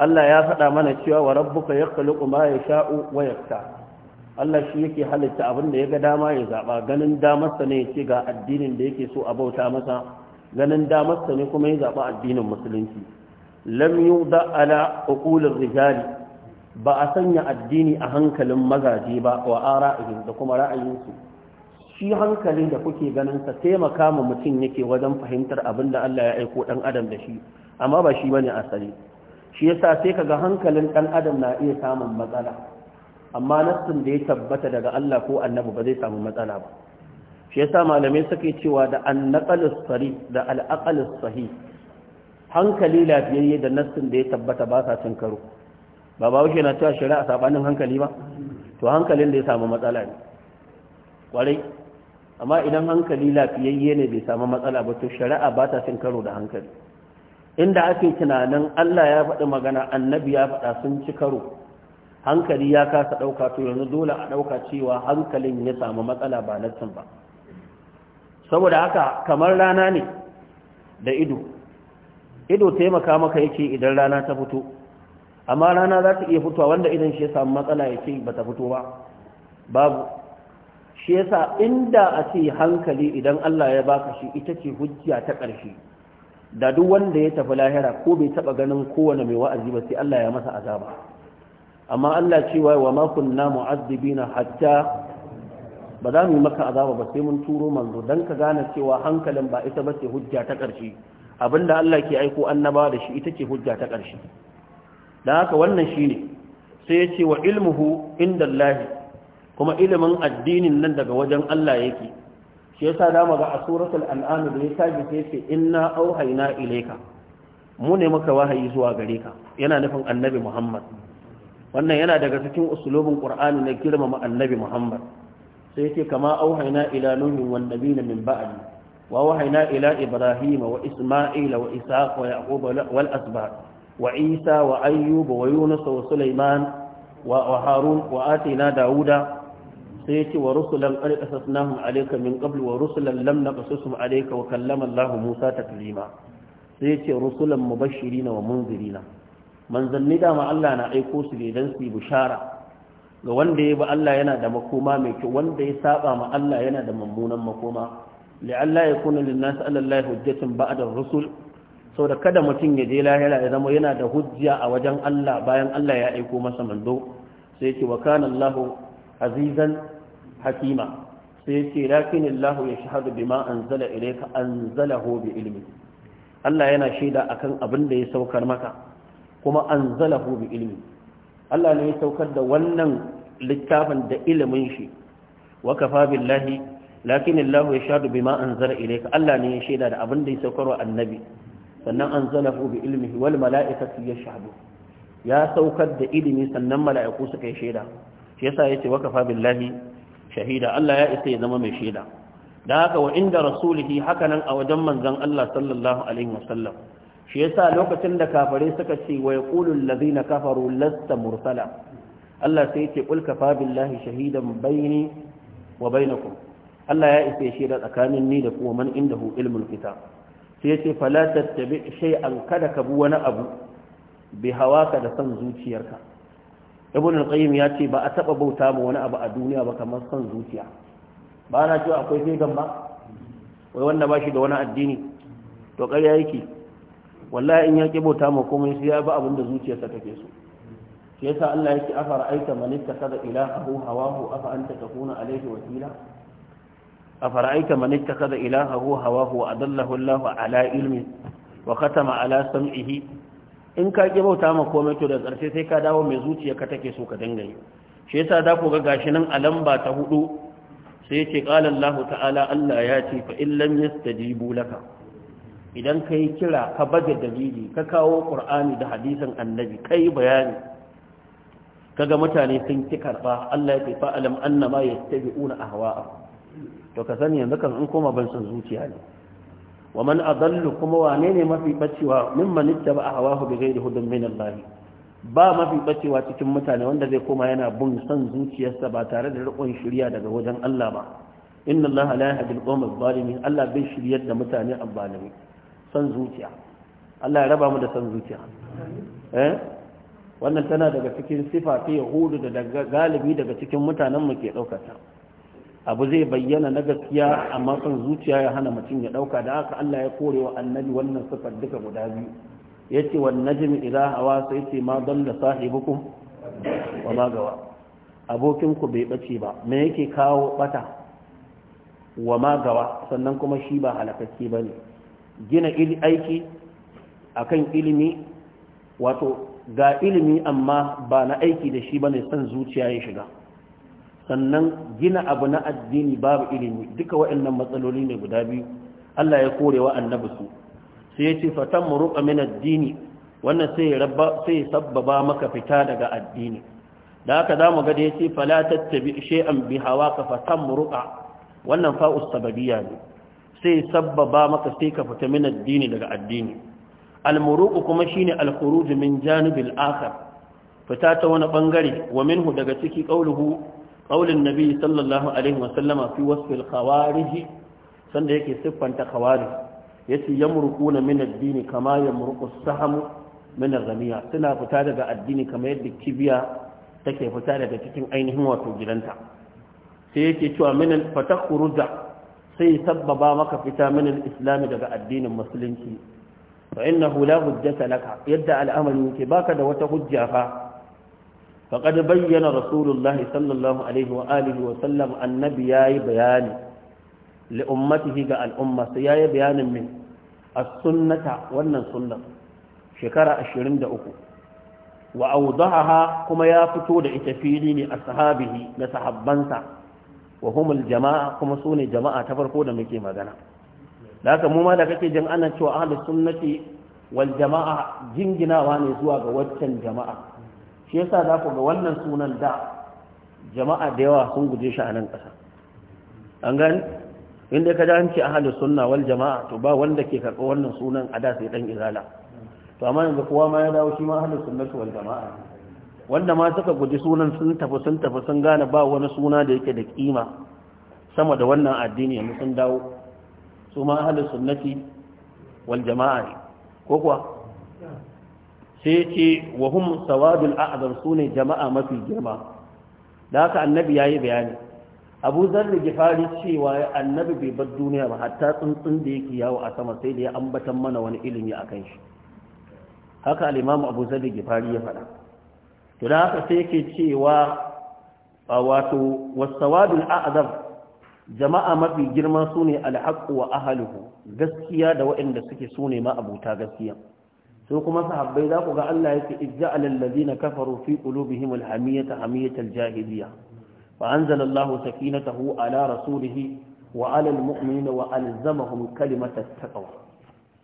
Allah ya faɗa mana cewa wa rabbuka yakhluqu ma ya wa yaktar Allah shi yake halitta abin da ya ga dama ya zaɓa ganin damarsa ne ya ce ga addinin da yake so a bauta masa ganin damarsa ne kuma ya zaɓa addinin musulunci lam da ala uqulir rijali ba a sanya addini a hankalin mazaje ba wa ara'ihim da kuma ra'ayinsu shi hankalin da kuke ganin sa taimaka ma mutum yake wajen fahimtar abin da Allah ya aiko dan adam da shi amma ba shi bane asali shi yasa sai kaga hankalin dan adam na iya samun matsala amma nassin da ya tabbata daga Allah ko annabi ba zai samu matsala ba shi yasa malamai suke cewa da annaqal sari da alaqalus sahih hankali lafiyayye da nassin da ya tabbata ba sa cin karo ba ba wuce na cewa shari'a sabanin hankali ba to hankalin da ya samu matsala ne kwarai amma idan hankali lafiyayye ne bai samu matsala ba to shari'a ba ta cin karo da hankali inda ake tunanin Allah ya faɗi magana annabi ya faɗa sun ci karo hankali ya kasa ɗauka to yanzu dole a ɗauka cewa hankalin ya samu matsala ba nassin ba saboda haka kamar rana ne da ido ido taimaka maka yake idan rana ta fito amma rana za ta iya fitowa wanda idan shi ya samu matsala yake ba ta fito ba babu shi yasa inda a ce hankali idan Allah ya baka shi ita ce hujja ta ƙarshe da duk wanda ya tafi lahira ko bai taɓa ganin kowane mai wa'azi ba sai Allah ya masa azaba amma Allah cewa wa ma kunna mu'azzibina hatta ba za mu yi maka azaba ba sai mun turo manzo dan ka gane cewa hankalin ba ita ba ce hujja ta ƙarshe abinda Allah ke aiko annaba da shi ita ce hujja ta ƙarshe dan haka wannan shine sai ya ce wa ilmuhu inda Allah kuma ilimin addinin nan daga wajen Allah yake shi yasa da ga a suratul an'am da ya tafi sai ce inna auhayna ilayka mu ne muka wahayi zuwa gare ka yana nufin annabi Muhammad wannan yana daga cikin usulubin qur'ani na girmama annabi muhammad sai yake kama auhaina ila nuhin wan nabiyina min ba'di wa wahayna ila ibrahima wa isma'ila wa ishaqa wa yaquba wal asbaq wa isa wa ayyuba wa yunus wa sulaiman wa harun wa atina dauda sai yace wa rusulan qad qasasnahum alayka min qabl wa rusulan lam naqsusum alayka wa kallama Allah Musa taklima sai yace rusulan mubashirin wa munzirina manzanni dama Allah na aiko su ne don su yi bishara ga wanda ya ba Allah yana da makoma mai kyau wanda ya saba ma Allah yana da mummunan makoma la'alla yakuna lin-nas 'ala Allah hujjatun ba'da ar-rusul da kada mutum ya je lahira ya zama yana da hujja a wajen Allah bayan Allah ya aiko masa mando sai yake wa kana azizan hakima sai yake lakin Allah ya shahadu bima anzala ilayka anzalahu bi ilmi Allah yana shaida akan abin da ya saukar maka kuma anzalahu bi ilimi. Allah ne ya saukar da wannan littafin da ilimin shi wa kafa billahi lakin Allah ya shahadu bima anzala ilayka Allah ne ya shaida da abin da ya saukar wa annabi sannan anzalahu bi ilmihi wal mala'ikatu yashhadu ya saukar da ilimi sannan mala'iku suka yi shaida shi yasa yace wa kafa billahi shahida Allah ya isa ya zama mai shaida da haka wa inda rasulihi hakanan a wajen manzon Allah sallallahu alaihi wasallam shi yasa lokacin da kafare suka ce wa yaqulu allazina kafaru lasta mursala Allah sai yake qul kafa billahi shahidan bayni wa bainaku. Allah ya isa shi da tsakanin ni da kuma man indahu ilmul kitab sai yace fala tattabi an kada ka bu wani abu bi hawaka da san zuciyarka ibn al-qayyim ya ce ba a taba bauta ma wani abu a duniya ba kamar san zuciya ba na cewa akwai vegan ba wai wanda ba shi da wani addini to ƙarya yake wallahi in ya kibota ma komai sai ya ba abin da zuciyarsa take so shi yasa Allah yake afara aita man ittakhadha ilahahu hawahu afa anta takuna alayhi wakila afara aita man ittakhadha ilahahu hawahu wa adallahu Allah ala ilmi wa khatama ala sam'ihi in ka kibota ma komai to da karshe sai ka dawo mai zuciyarka take so ka dangane shi yasa da ku ga gashi nan a lamba ta hudu sai yace qala Allah ta'ala Allah ya ce fa in lam yastajibu laka idan ka yi kira ka baje dalili ka kawo ƙur'ani da hadisin annabi ka yi bayani kaga mutane sun ki karɓa Allah ya tafi alam ma ya tabi una ahwa'a to ka sani yanzu kan in koma ban san zuciya ne wa man adallu kuma wane ne mafi ba a ittaba ahwahu bi ghairi hudan min Allah ba mafi bacewa cikin mutane wanda zai koma yana bin san zuciyarsa ba tare da riƙon shirya daga wajen Allah ba inna Allah la yahdi al-qawma adh-dhalimin Allah bai shiryar da mutane adh san zuciya Allah ya raba mu da san zuciya eh wannan tana daga cikin sifa ta yahudu da galibi daga cikin mutanen mu ke daukar abu zai bayyana na gaskiya amma san zuciya ya hana mutum ya dauka da haka Allah ya kore wa annabi wannan sifar duka guda biyu yace wan najmi idha hawa sai ce ma dalla sahibukum wa ma gawa abokin ku bai bace ba me yake kawo bata wa ma gawa sannan kuma shi ba halakakke bane gina aiki akan ilimi wato ga ilimi amma ba na aiki da shi ba ne, san zuciya ya shiga sannan gina abu na addini babu ilimi duka waɗannan matsaloli ne guda biyu Allah ya kore wa annabi su sai ya ce fatan muruqa min addini wannan sai ya rabba sai ya sabbaba maka fita daga addini da haka zamu ga da yace fala tattabi shay'an bi hawaka fatan muruqa wannan fa'us sababiyya ne sai sabbaba maka sai ka fita min addini daga addini almuruku kuma shine alkhuruj min janibil akhar fita ta wani bangare wa minhu daga ciki qauluhu qaulin nabi sallallahu alaihi wa sallama fi wasfil khawarij sanda yake siffanta khawarij yace yamruquna min addini kama yamruqu as-sahmu min ar-ramiya suna fita daga addini kamar yadda kibiya take fita daga cikin ainihin wato gidanta sai yake cewa min fatakhruja sai sabbaba maka fita min al-islam daga addinin musulunci fa innahu la hujjata laka yadda al'amarin yake baka da wata hujja fa faqad bayyana rasulullah sallallahu alaihi wa alihi wa sallam annabi yayi bayani li ummatihi ga al'umma sai yayi bayanin min as-sunnata wannan sunna shekara 23 wa audaha kuma ya fito da ita fili ne a na sahabbansa wa humul jama'a kuma su ne jama'a ta farko da muke magana da haka mu ma da kake jin ana cewa ahlus sunnati wal jama'a jinginawa ne zuwa ga waccan jama'a shi yasa za ku ga wannan sunan da jama'a da yawa sun guje shi a nan ƙasa an gani inda ka an ce ahlus sunna wal jama'a to ba wanda ke karɓar wannan sunan a da sai dan izala to amma yanzu kowa ma ya dawo shi ma ahlus sunnati wal jama'a wanda ma suka guji sunan sun tafi sun tafi sun gane ba wani suna da yake da kima sama da wannan addini yanzu sun dawo su ma ahalin sunnati wal jama'a ne ko kuwa sai ce wa hum sawadul a'zam sune jama'a mafi girma da haka annabi yayi bayani abu zarri gifari cewa annabi bai bar duniya ba hatta tsuntsun da yake yawo a sama sai da ya ambatan mana wani ilimi a kan shi haka Alimamu abu zarri gifari ya faɗa to da haka sai yake cewa wato wasawadul a'zam jama'a mafi girma sune alhaq wa ahluhu gaskiya da waɗanda suke sune ma abuta gaskiya sai kuma sahabbai za ku ga Allah yake ijja'al allazina kafaru fi qulubihim alhamiyata hamiyatal jahiliya fa anzala Allahu sakinatahu ala rasulihi wa ala almu'minina wa alzamahum kalimatat taqwa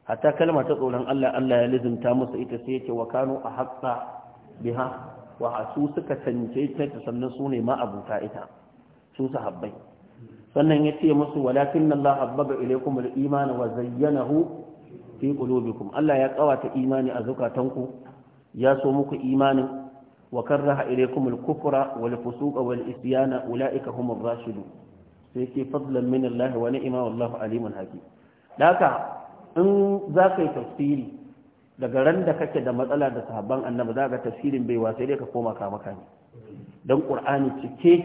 hatta kalmar ta tsoron Allah Allah ya lizumta musu ita sai yake wa kanu ahqqa biha wa su suka cancanta ta sannan su ne ma'abuta ita su sahabbai sannan ya ce musu walakin Allah habbaba ilaykum al-iman wa zayyanahu fi qulubikum Allah ya kawata imani a zukatanku ya so muku imanin wa karraha ilaykum al-kufra wal fusuqa wal isyana ulaika humur rashidun sai yake fadlan min Allah wa ni'ma wallahu alimun hakim daka in za ka yi tafsiri daga ran da kake da matsala da sahabban annabi za ga tafsirin bai sai dai ka koma kamaka ne don ƙur'ani cike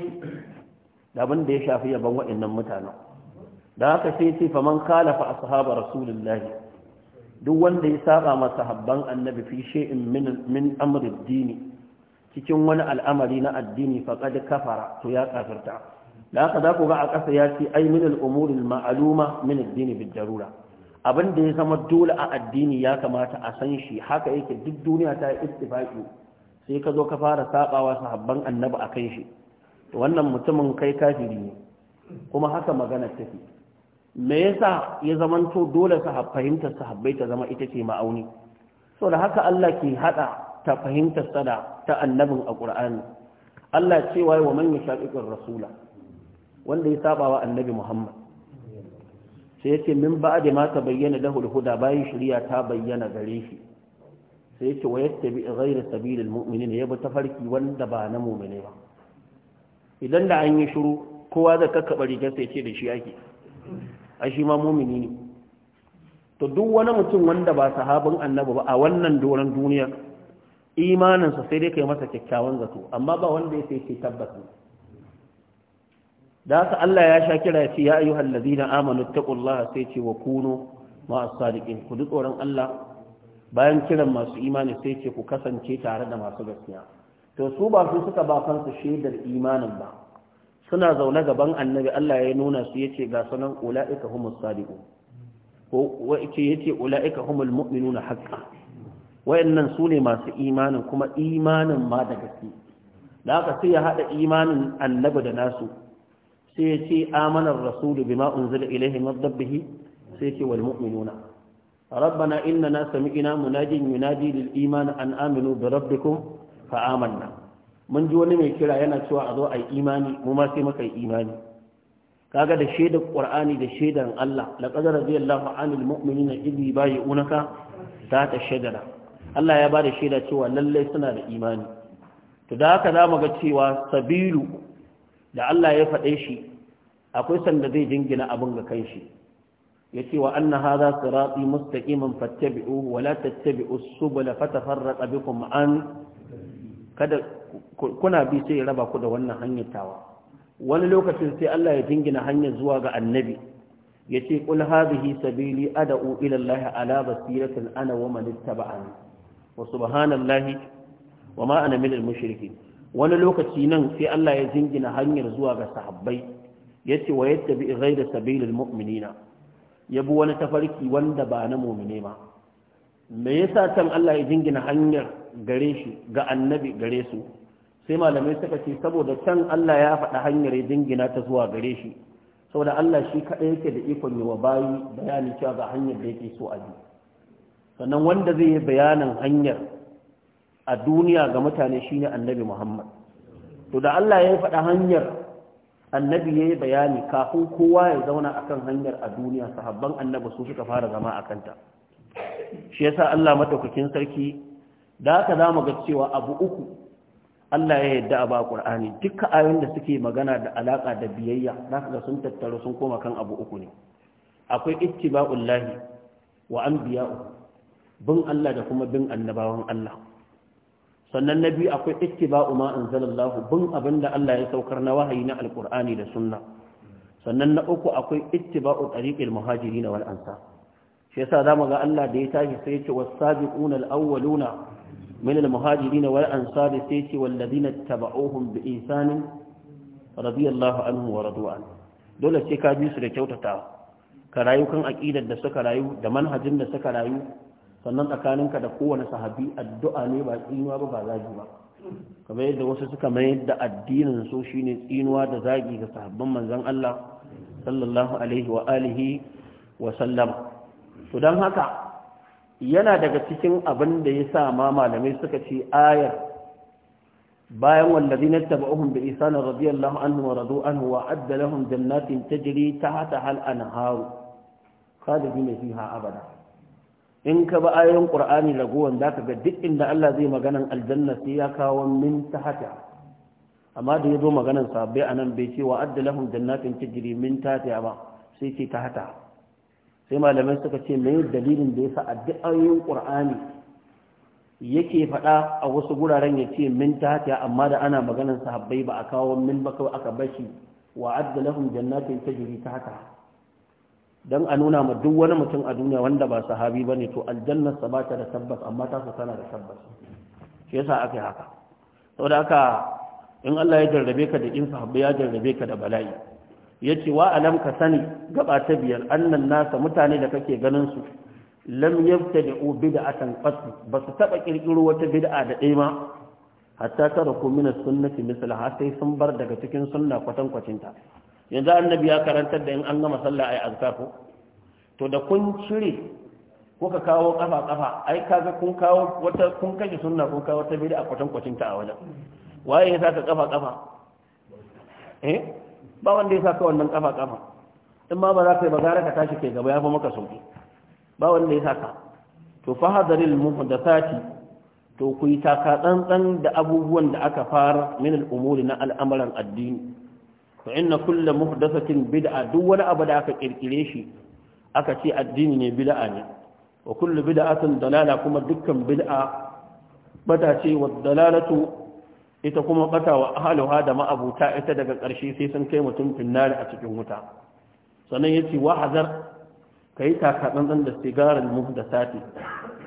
da abin da ya shafi yaban waɗannan mutanen da haka sai ce faman khalafa ashaba rasulullahi duk wanda ya saba ma sahabban annabi fi shay'in min min amri dini cikin wani al'amari na addini faqad kafara to ya kafirta da haka za ku ga a ƙasa ya ce ai min al-umuri al-ma'luma min addini bid-darura abin da ya zama dole a addini ya kamata a san shi haka yake duk duniya ta yi istifaƙi sai ka zo ka fara saɓawa sahabban annabi a kan shi wannan mutumin kai kafiri ne kuma haka magana tafi me yasa ya zamanto dole sa fahimtar sahabbai ta zama ita ce ma'auni so da haka Allah ke hada ta fahimtar sada ta annabin a Qur'ani Allah cewa wa man yashaqiqir rasula wanda ya saba wa annabi Muhammad sai yace min ba da ma tabayyana bayyana da huda bayan shari'a ta bayyana gare shi sai yace wa yattabi ghayra sabilil mu'minin ya bi tafarki wanda ba na mu'mine ba idan da an yi shiru kowa zai kakkaba rigar sai ce da shi ake a shi ma mu'mini ne to duk wani mutum wanda ba sahabin annabi ba a wannan doron duniya imaninsa sai dai kai masa kyakkyawan zato amma ba wanda ya sai ce da haka Allah ya sha kira ce ya ayyuhal ladina amanu taqullaha sai ce wa kunu ma'as sadiqin ku duk tsoron Allah bayan kiran masu imani sai ce ku kasance tare da masu gaskiya to su ba su suka ba kansu shaidar imanin ba suna zaune gaban annabi Allah ya nuna su yace ga sanan ulaika humus sadiqun ko wace yace ulaika humul mu'minuna haqqan wayannan su ne masu imanin kuma imanin ma da gaske da haka sai ya hada imanin annabi da nasu sai ya ce amanar rasulu bima unzila ilaihi min rabbihi sai ya ce wal mu'minuna ربنا إننا سمعنا مناجي ينادي للإيمان أن آمنوا amanna. Mun ji wani mai kira yana cewa a zo a yi imani mu ma sai muka yi imani kaga da shaidar qur'ani da shaidar Allah laqad radiyallahu anil mu'minina idh yubayyi'unaka ta shajara Allah ya da shaida cewa lallai suna da imani to da haka zamu ga cewa sabilu da Allah ya faɗe shi akwai sanda zai jingina abin ga kanshi ya ce wa anna su sirati mustaqiman fattabi'u wa la tattabi'u subula fatafarraqa bikum an kada kuna bi sai ya raba ku da wannan hanyar tawa wani lokacin sai Allah ya jingina hanyar zuwa ga annabi ya ce ƙul hazihi sabili ada'u ilallahi ala basiratin ana wa man ittaba'ani wa subhanallahi wa ma ana minal mushrikin wani lokaci nan sai Allah ya jingina hanyar zuwa ga sahabbai yace wa yattabi ghayra sabilil mu'minina bi wani tafarki wanda ba na mu'mine ba me yasa can Allah ya jingina hanyar gare shi ga annabi gare su sai malamai suka ce saboda can Allah ya faɗa hanyar ya jingina ta zuwa gare shi saboda Allah shi kaɗai yake da ikon yi wa bayi bayani cewa ga hanyar da yake so a bi sannan wanda zai yi bayanin hanyar a duniya ga mutane shine annabi Muhammad to da Allah ya yi faɗa hanyar annabi yayi bayani kafin kowa ya zauna akan hanyar a duniya sahabban annabi su suka fara zama a kanta shi yasa Allah madaukakin sarki da haka mu ga cewa abu uku Allah ya yadda a ba Qur'ani dukkan ayoyin da suke magana da alaka da biyayya zaka sun tattaro sun koma kan abu uku ne akwai ittiba'ullahi wa anbiya'u bin Allah da kuma bin annabawan Allah sannan na biyu akwai ittiba'u ma anzalallahu bin abinda Allah ya saukar na wahayi na alqur'ani da sunna sannan na uku akwai ittiba'u tariqil muhajirin wal ansar shi yasa zamu ga Allah da ya tashi sai ya ce was-sabiquna al-awwaluna min al-muhajirin wal ansar sai ya ce walladina tabauhum bi ihsan radiyallahu anhu wa radu dole sai ka bi su da kyautata ka rayu kan aqidar da suka rayu da manhajin da suka rayu sannan tsakaninka da kowane sahabi addu'a ne ba tsinuwa ba ba zagi ba kamar yadda wasu suka mayar da addinin so ne tsinuwa da zagi ga sahabban manzon Allah sallallahu alaihi wa alihi wa sallam to haka yana daga cikin abin da ya sa ma malamai suka ce ayar bayan wallazi na taba'uhum bi isan radiyallahu anhu wa radu anhu wa adda lahum jannatin tajri tahta hal anharu khalidina fiha abada in ka ba ayoyin qur'ani ragowan ka ga duk inda Allah zai maganan aljanna sai ya kawo min ta hata. amma da yazo maganan sabbai anan bai ce wa adda jannatin tajri min ta hata ba sai ce ta hata. sai malamai suka ce me dalilin da ya yasa ayoyin qur'ani yake faɗa a wasu guraren ya ce min hata amma da ana maganan sahabbai ba a kawo min ba aka bashi wa adda lahum jannatin tajri hata. don a nuna ma duk wani mutum a duniya wanda ba sahabi ba ne to aljanna sa ba ta da tabbas amma ta su tana da tabbas shi yasa aka yi haka saboda haka in Allah ya jarrabe ka da in sahabi ya jarrabe ka da bala'i ya ce wa alam ka sani gaba ta biyar annan nasa mutane da kake ganin su lam yabtadi'u bid'atan qat ba su taba kirkiro wata bid'a da ɗaya ma hatta taraku min sunnati misla har sai sun bar daga cikin sunna kwatankwacin ta yanzu annabi ya karantar da in an gama sallah ai azkar ko to da kun cire ka kawo kafa kafa ai kaga kun kawo wata kun kashe sunna kun kawo wata bid'a kwatan kwatin ta a wajen waye ya saka kafa kafa eh ba wanda ya saka wannan kafa kafa in ma ba za ka yi bazara ka tashi kai gaba ya fi maka sauki ba wanda ya saka to fa hadaril muhdathati to ku yi taka tsantsan da abubuwan da aka fara min al'umuri na al'amuran addini fa inna kullu muhdathatin bid'a duk wani abu da aka kirkire shi aka ce addini ne bid'a ne wa kullu bid'atin dalala kuma dukkan bid'a bata ce wa dalalatu ita kuma bata wa ahluha da ma'abuta ita daga ƙarshe sai sun kai mutum finnari a cikin wuta sannan yace wa hazar kai takatsantsan da sigarin muhdathati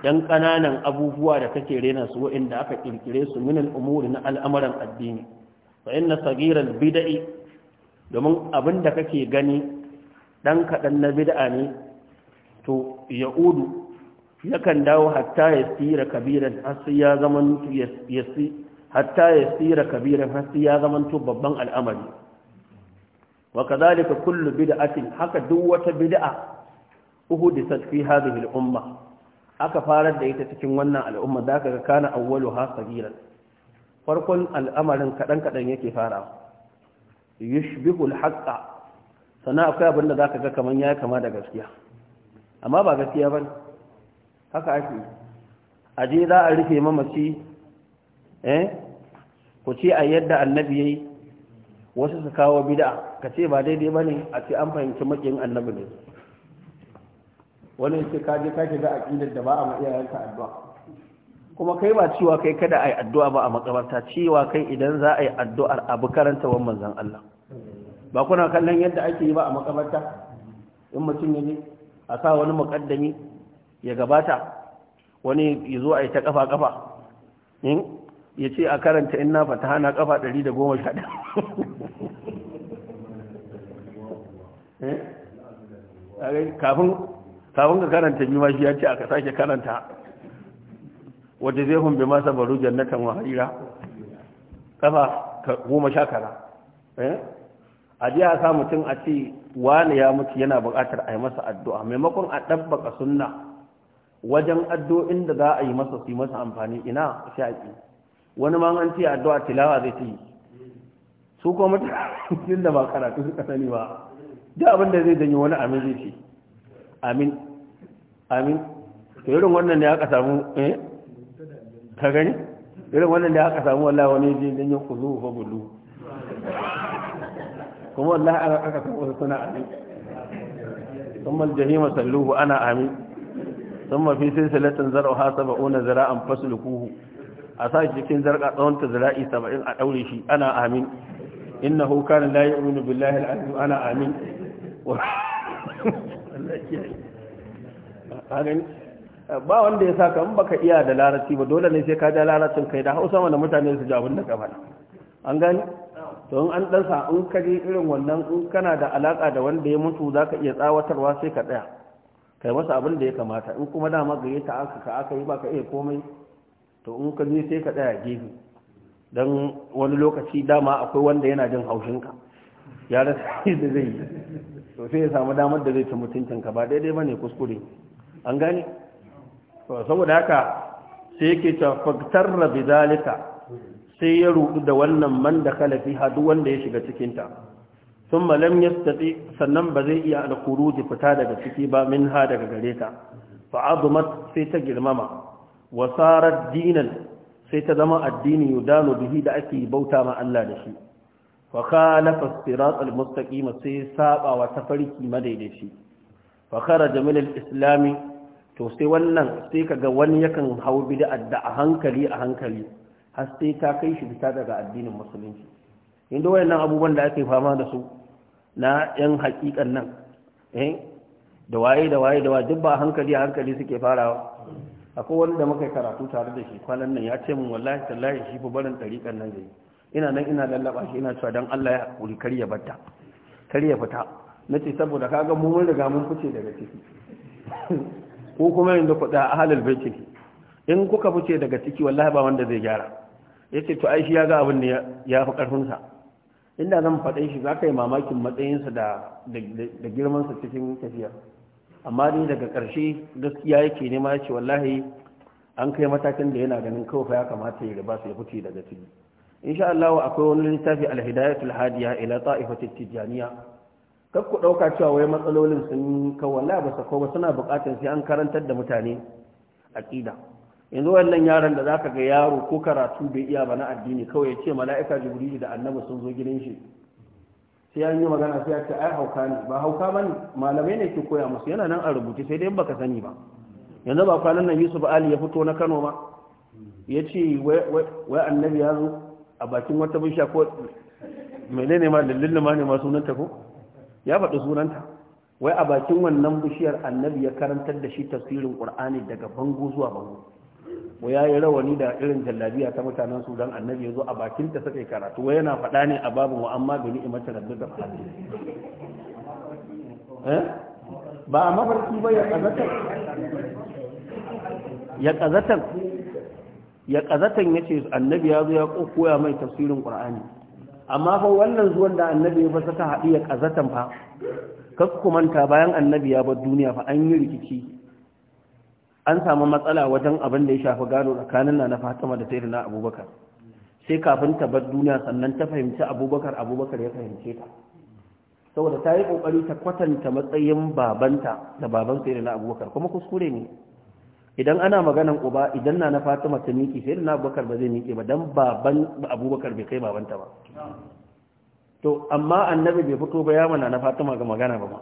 yan ƙananan abubuwa da kake rena su waɗanda aka kirkire su min al'umuri na al'amuran addini fa inna sagiral bid'i domin abin da kake gani ɗan kaɗan na bid'a ne to ya'udu yakan dawo hatta ya tsira kabiran har ya zaman hatta ya tsira kabiran har ya zaman to babban al'amari wa kadhalika kullu bid'atin haka duk wata bid'a uhudisat fi hadhihi al-umma aka farar da ita cikin wannan al'umma zaka ga kana awwalu sagiran farkon al'amarin kadan kadan yake farawa yushbihul haqqa sannan akwai abin da zaka ga kaman ya kama da gaskiya amma ba gaskiya bane haka ake aje za a rufe mamaci eh ku ce a yadda annabi yayi wasu su kawo bid'a ka ba daidai bane a ce an fahimci makin annabi ne wani ce ka je ka ga aqidar da ba a ma ka addu'a kuma kai ba cewa kai kada a yi addu'a ba a makabarta cewa kai idan za a yi addu'ar abu karanta wa manzan Allah ba kuna kallon yadda ake yi ba a makabarta in mutum ya je a sa wani muƙaddami ya gabata wani ya zo a yi ta kafa kafa hmm? ya ce a karanta ina fata hana kafa 111 kafin ka karanta biyu ma shi ya ce aka sake karanta wadda zai hun bi masa baru jannatan wa harira kafa goma sha a jiya a sa mutum a ce wani ya mutu yana buƙatar a yi masa addu'a maimakon a ɗabbaka sunna wajen addu'o'in da za a yi masa su yi masa amfani ina shaƙi wani ma an ce addu'a tilawa zai ce su kuma mutum da ba karatu suka sani ba duk abin da zai janyo wani amin zai ce amin amin to irin wannan ne aka samu eh ka gani irin wannan da aka samu wallahi wani ji dan yin kuzu fa bulu kuma wallahi aka aka samu suna amin thumma al-jahima salluhu ana amin thumma fi silsilatin ha 70 zira'an fasluquhu a sa cikin zarka tsawon ta zira'i 70 a daure shi ana amin innahu kana la yu'minu billahi al-azim ana amin wa Allah ya ba wanda ya sa in baka iya da larabci ba dole ne sai ka ja laracin kai da hausa wanda mutane su ji abin da ka faɗa an gani to in an ɗansa in ka je irin wannan in kana da alaƙa da wanda ya mutu zaka iya tsawatarwa sai ka tsaya kai masa abin da ya kamata in kuma dama gaye ta aka ka aka yi baka iya komai to in ka je sai ka tsaya gefe don wani lokaci dama akwai wanda yana jin haushinka ya rasa *laughs* da zai yi to sai ya samu damar da zai ci mutuncinka ba daidai ba ne kuskure an gani? saboda haka sai yake tafaktar faktarra bidalika sai ya rudu da wannan man da kalafi hadu wanda ya shiga cikinta sun malam ya sannan ba zai iya da fita daga ciki ba min ha daga gare ta fa'adumat sai ta girmama wasarar dinan sai ta zama addini yudano bihi da ake bauta ma Allah da shi fa khalafa sirat al sai saba wa tafarki madaidaici fa kharaja min islami to sai wannan sai kaga wani yakan hau bid'a da a hankali a hankali har sai ta kai shi fita daga addinin musulunci inda wayannan abubuwan da ake fama da su na yan haƙiƙan nan eh da waye da waye da waye duk ba hankali a hankali suke farawa akwai wani da muka karatu tare da shi kwanan nan ya ce min wallahi tallahi shi fa barin tariƙan nan zai ina nan ina lallaba shi ina cewa dan Allah ya haƙuri kar ya batta kar fita nace saboda kaga mu mun riga mun fice daga ciki *laughs* ko kuma yanzu kuɗa a halal baiti in kuka fice daga ciki wallahi ba wanda zai gyara yace to ai shi ya ga abin da ya fi ƙarfinsa? inda zan faɗe shi za ka yi mamakin matsayinsa da da girmansa cikin tafiya amma dai daga ƙarshe gaskiya yake nema ya ce wallahi an kai matakin da yana ganin kawai ya kamata ya riba su ya fice daga ciki insha Allah akwai wani littafi al-hidayatul hadiya ila ta'ifatit tijaniyya kar ku ɗauka cewa wai matsalolin sun kawala ba sako ba suna buƙatar sai an karantar da mutane aƙida yanzu wannan yaron da zaka ga yaro ko karatu bai iya ba na addini kawai ya ce mala'ika jibrilu da annabi sun zo gidan shi sai an yi magana sai ya ce ai hauka ne ba hauka ne. malamai ne ke koya musu yana nan a rubuce sai dai baka sani ba yanzu ba kwanan nan Yusuf Ali ya fito na Kano ba? ya ce wai annabi ya zo a bakin wata bishiya ko menene ma dalilin ma ne ma sunanta ko ya faɗi sunanta wai a bakin wannan bishiyar annabi ya karantar da shi tafsirin ƙur'ani daga bango zuwa bango Wa ya yi rawani da irin jallabiya ta mutanen sudan annabi ya zo a bakin ta suka karatu wai yana faɗa ne a babu wa amma bi ni'imar rabbi da fahadi eh? ba a mafarki ba ya ƙazatan. ya ya ƙazatan ya ce annabi ya zo ya koya mai tafsirin ƙur'ani amma fa wannan zuwan da annabi ya fasaka haɗu ya kazatan fa manta bayan annabi ya bar duniya fa an yi rikici an samu matsala wajen abin da ya shafi gano tsakanin na na fatima da sayyidina abubakar sai kafin ta bar duniya sannan ta fahimci abubakar abubakar ya fahimce ta saboda ta yi kokari ta kwatanta matsayin babanta da baban sayyidina abubakar kuma kuskure ne idan ana maganan uba idan na na fatima ta miki sai na abubakar ba zai miki ba dan baban abubakar bai kai babanta ba to amma annabi bai fito ba ya mana na fatima ga magana ba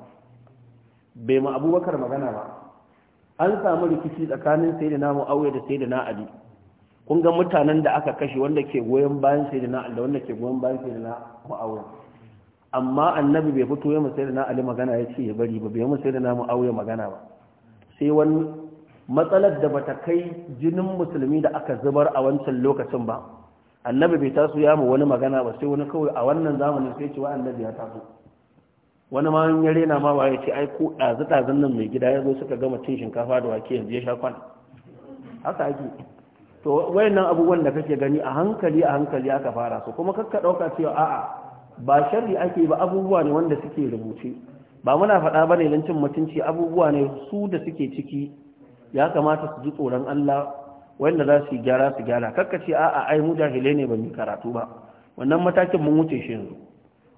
bai ma abubakar magana ba an samu rikici tsakanin sai da na mu'awiyya da sai da na ali kun ga mutanen da aka kashe wanda ke goyon bayan sai da na wanda ke goyon bayan sai da na mu'awiyya amma annabi bai fito ya mu sai da na ali magana ya ce ya bari ba bai mu sai da na mu'awiyya magana ba sai wani matsalar da bata kai jinin musulmi da aka zubar a wancan lokacin ba annabi bai taso ya mu wani magana ba sai wani kawai a wannan zamanin sai ce wa annabi ya taso wani ma ya rena ma ba ya ce ai ko ɗazu ɗazun nan mai gida ya zo suka gama cin shinkafa da wake yanzu ya sha kwana haka ake to wayannan abubuwan da kake gani a hankali a hankali aka fara su kuma kakka ɗauka cewa a'a ba sharri ake ba abubuwa ne wanda suke rubuce ba muna faɗa ba ne don cin mutunci abubuwa ne su da suke ciki ya kamata su ji tsoron Allah wanda za su gyara su gyara kakka ce a'a ai mu jahile ne ban yi karatu ba wannan matakin mun wuce shi yanzu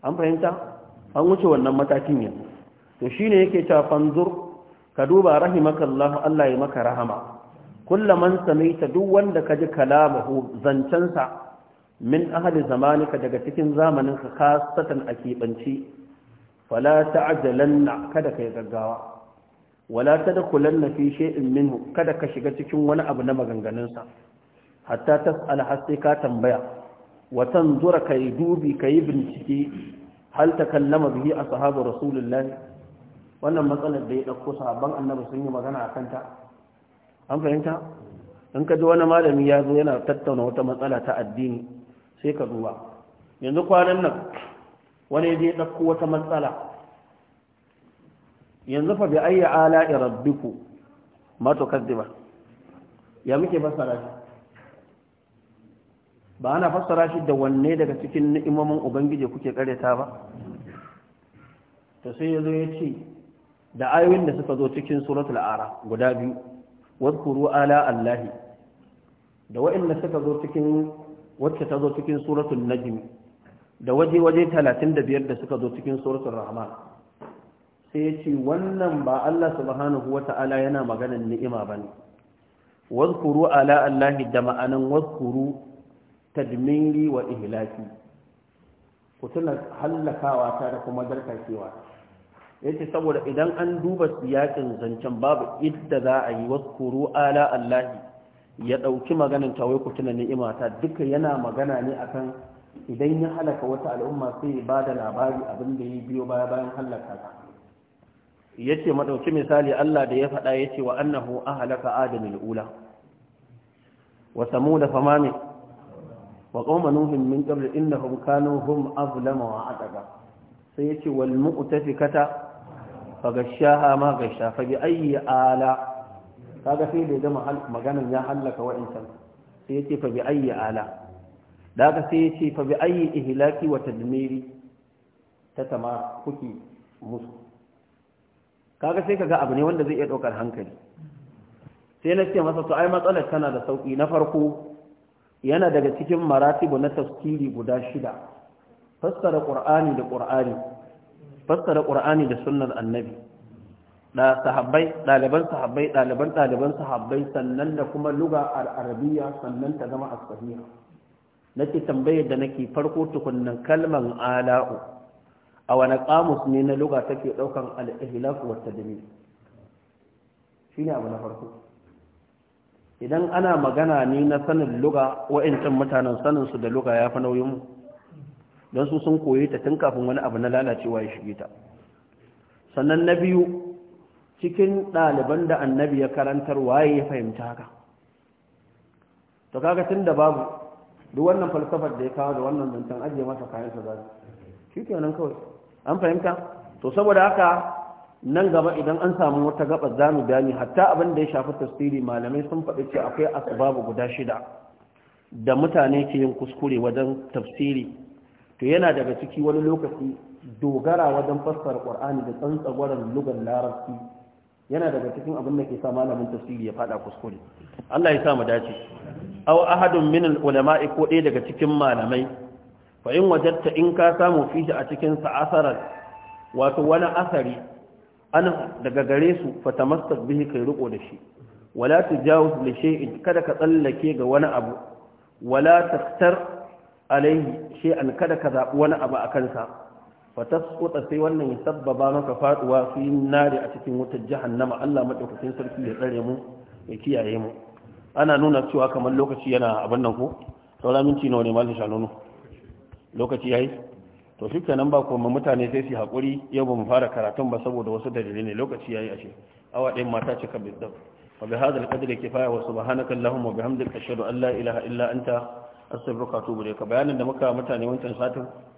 an fahimta an wuce wannan matakin yanzu to shine yake cewa fanzur ka duba rahimakallahu Allah ya maka rahama kullaman samaita duk wanda ka ji kalamahu zancensa min ahli zamanika daga cikin zamanin ka a akibanci fala ta'jalanna kada kai gaggawa wala ta na fi in minhu kada ka shiga cikin wani abu na maganganunsa hatta ta hasi ka tambaya wa ka yi dubi yi bincike hal takallama bihi ashabu rasulullahi wannan matsalar da ya dauko sahabban annabi sun yi magana a kanta. an fahimta in ka ji wani malami ya zo yana tattauna wata matsala ta addini sai ka duba yanzu kwanan nan wani ya je ɗauko wata matsala yanzu fa bi ayi ala rabbiku ma tukaddiba ya muke fassara shi ba ana fassara shi da wanne daga cikin ni'imomin ubangiji kuke kareta ba to sai yazo ya ce da ayoyin da suka zo cikin suratul ara guda biyu wadhkuru ala allahi da wa'inda suka zo cikin wacce ta zo cikin suratul najm da waje-waje 35 da suka zo cikin suratul rahman sai ya ce wannan ba Allah subhanahu wa ta'ala yana maganan ni'ima ba ne wazkuru ala Allahi da ma'anan wazkuru tadmiri wa ihlaki ku tuna hallakawa ta da kuma darkakewa ya ce saboda idan an duba siyakin zancen babu idda za a yi wazkuru ala Allahi ya ɗauki maganin tawai ku tuna ni'ima ta duka yana magana ne akan idan ya halaka wata al'umma sai ya ba da labari abin da ya biyo baya bayan halaka ta yace madauki misali Allah da ya faɗa yace wa annahu ahlaka adamil ula wa samud fama min wa qauma nuhin min qabl innahum kanu hum azlama wa ataba sai yace wal mu'tafikata fagashaha ma gasha fa bi ayyi ala kaga sai da gama maganan ya hallaka wa'insan sai yace fa bi ayyi ala da haka sai yace fa bi ayyi ihlaki wa tadmiri ta tama kuki musu kaga sai kaga abu ne wanda zai iya ɗaukar hankali sai na ce masa to ai matsalar tana da sauki na farko yana daga cikin maratibu na tafsiri guda shida fassara ƙur'ani da ƙur'ani fassara ƙur'ani da sunnar annabi da sahabbai ɗaliban sahabbai ɗaliban ɗaliban sahabbai sannan da kuma luga arabiyya sannan ta zama as-sahiha nake tambayar da nake farko tukunnan kalman ala'u a wani kamus ne na luga take daukan al-ihlaq wa Shi shine abu na farko idan ana magana ne na sanin luga wa'ancan mutanen sanin su da luga ya fi nauyin mu don su sun koye ta tun kafin wani abu na lalacewa ya shige ta sannan na biyu cikin ɗaliban da annabi ya karantar waye ya fahimta haka to kaga tun da babu duk wannan falsafar da ya kawo da wannan dantan ajiye masa kayan sa za su shi kenan kawai an fahimta to saboda haka nan gaba idan an samu wata gaba zamu mu gani hatta abin da ya shafi tasiri malamai sun faɗi ce akwai asbabu guda shida da mutane ke yin kuskure wajen tafsiri to yana daga ciki wani lokaci dogara wajen fassara qur'ani da tsantsagwaran lugar larabci yana daga cikin abin da ke sa malamin tafsiri ya faɗa kuskure Allah ya sa mu dace aw ahadun min ulamai ko ɗaya daga cikin malamai fa in wajatta in ka samu fihi a cikin sa asaran wato wani asari ana daga gare su fa bihi kai riko da shi wala su da shi kada ka tsallake ga wani abu wala taktar alaihi an kada ka zabi wani abu akan kansa, fa tasquta sai wannan ya sabbaba maka faduwa yi nari a cikin wutar jahannama Allah madaukakin sarki ya tsare mu ya kiyaye mu ana nuna cewa kamar lokaci yana abin nan ko saura minti nawa ne malin shanunu lokaci yi to shi kenan ba kuma mutane sai su haƙuri yau ba mu fara karatun ba saboda wasu dalilai ne lokaci yayi shi awa ɗayan mata cika bizdab wa bi hadha al-qadri kifaya wa subhanaka allahumma bihamdika ashhadu an la ilaha illa anta astaghfiruka wa atubu ilayk bayanin da muka mutane wancan satin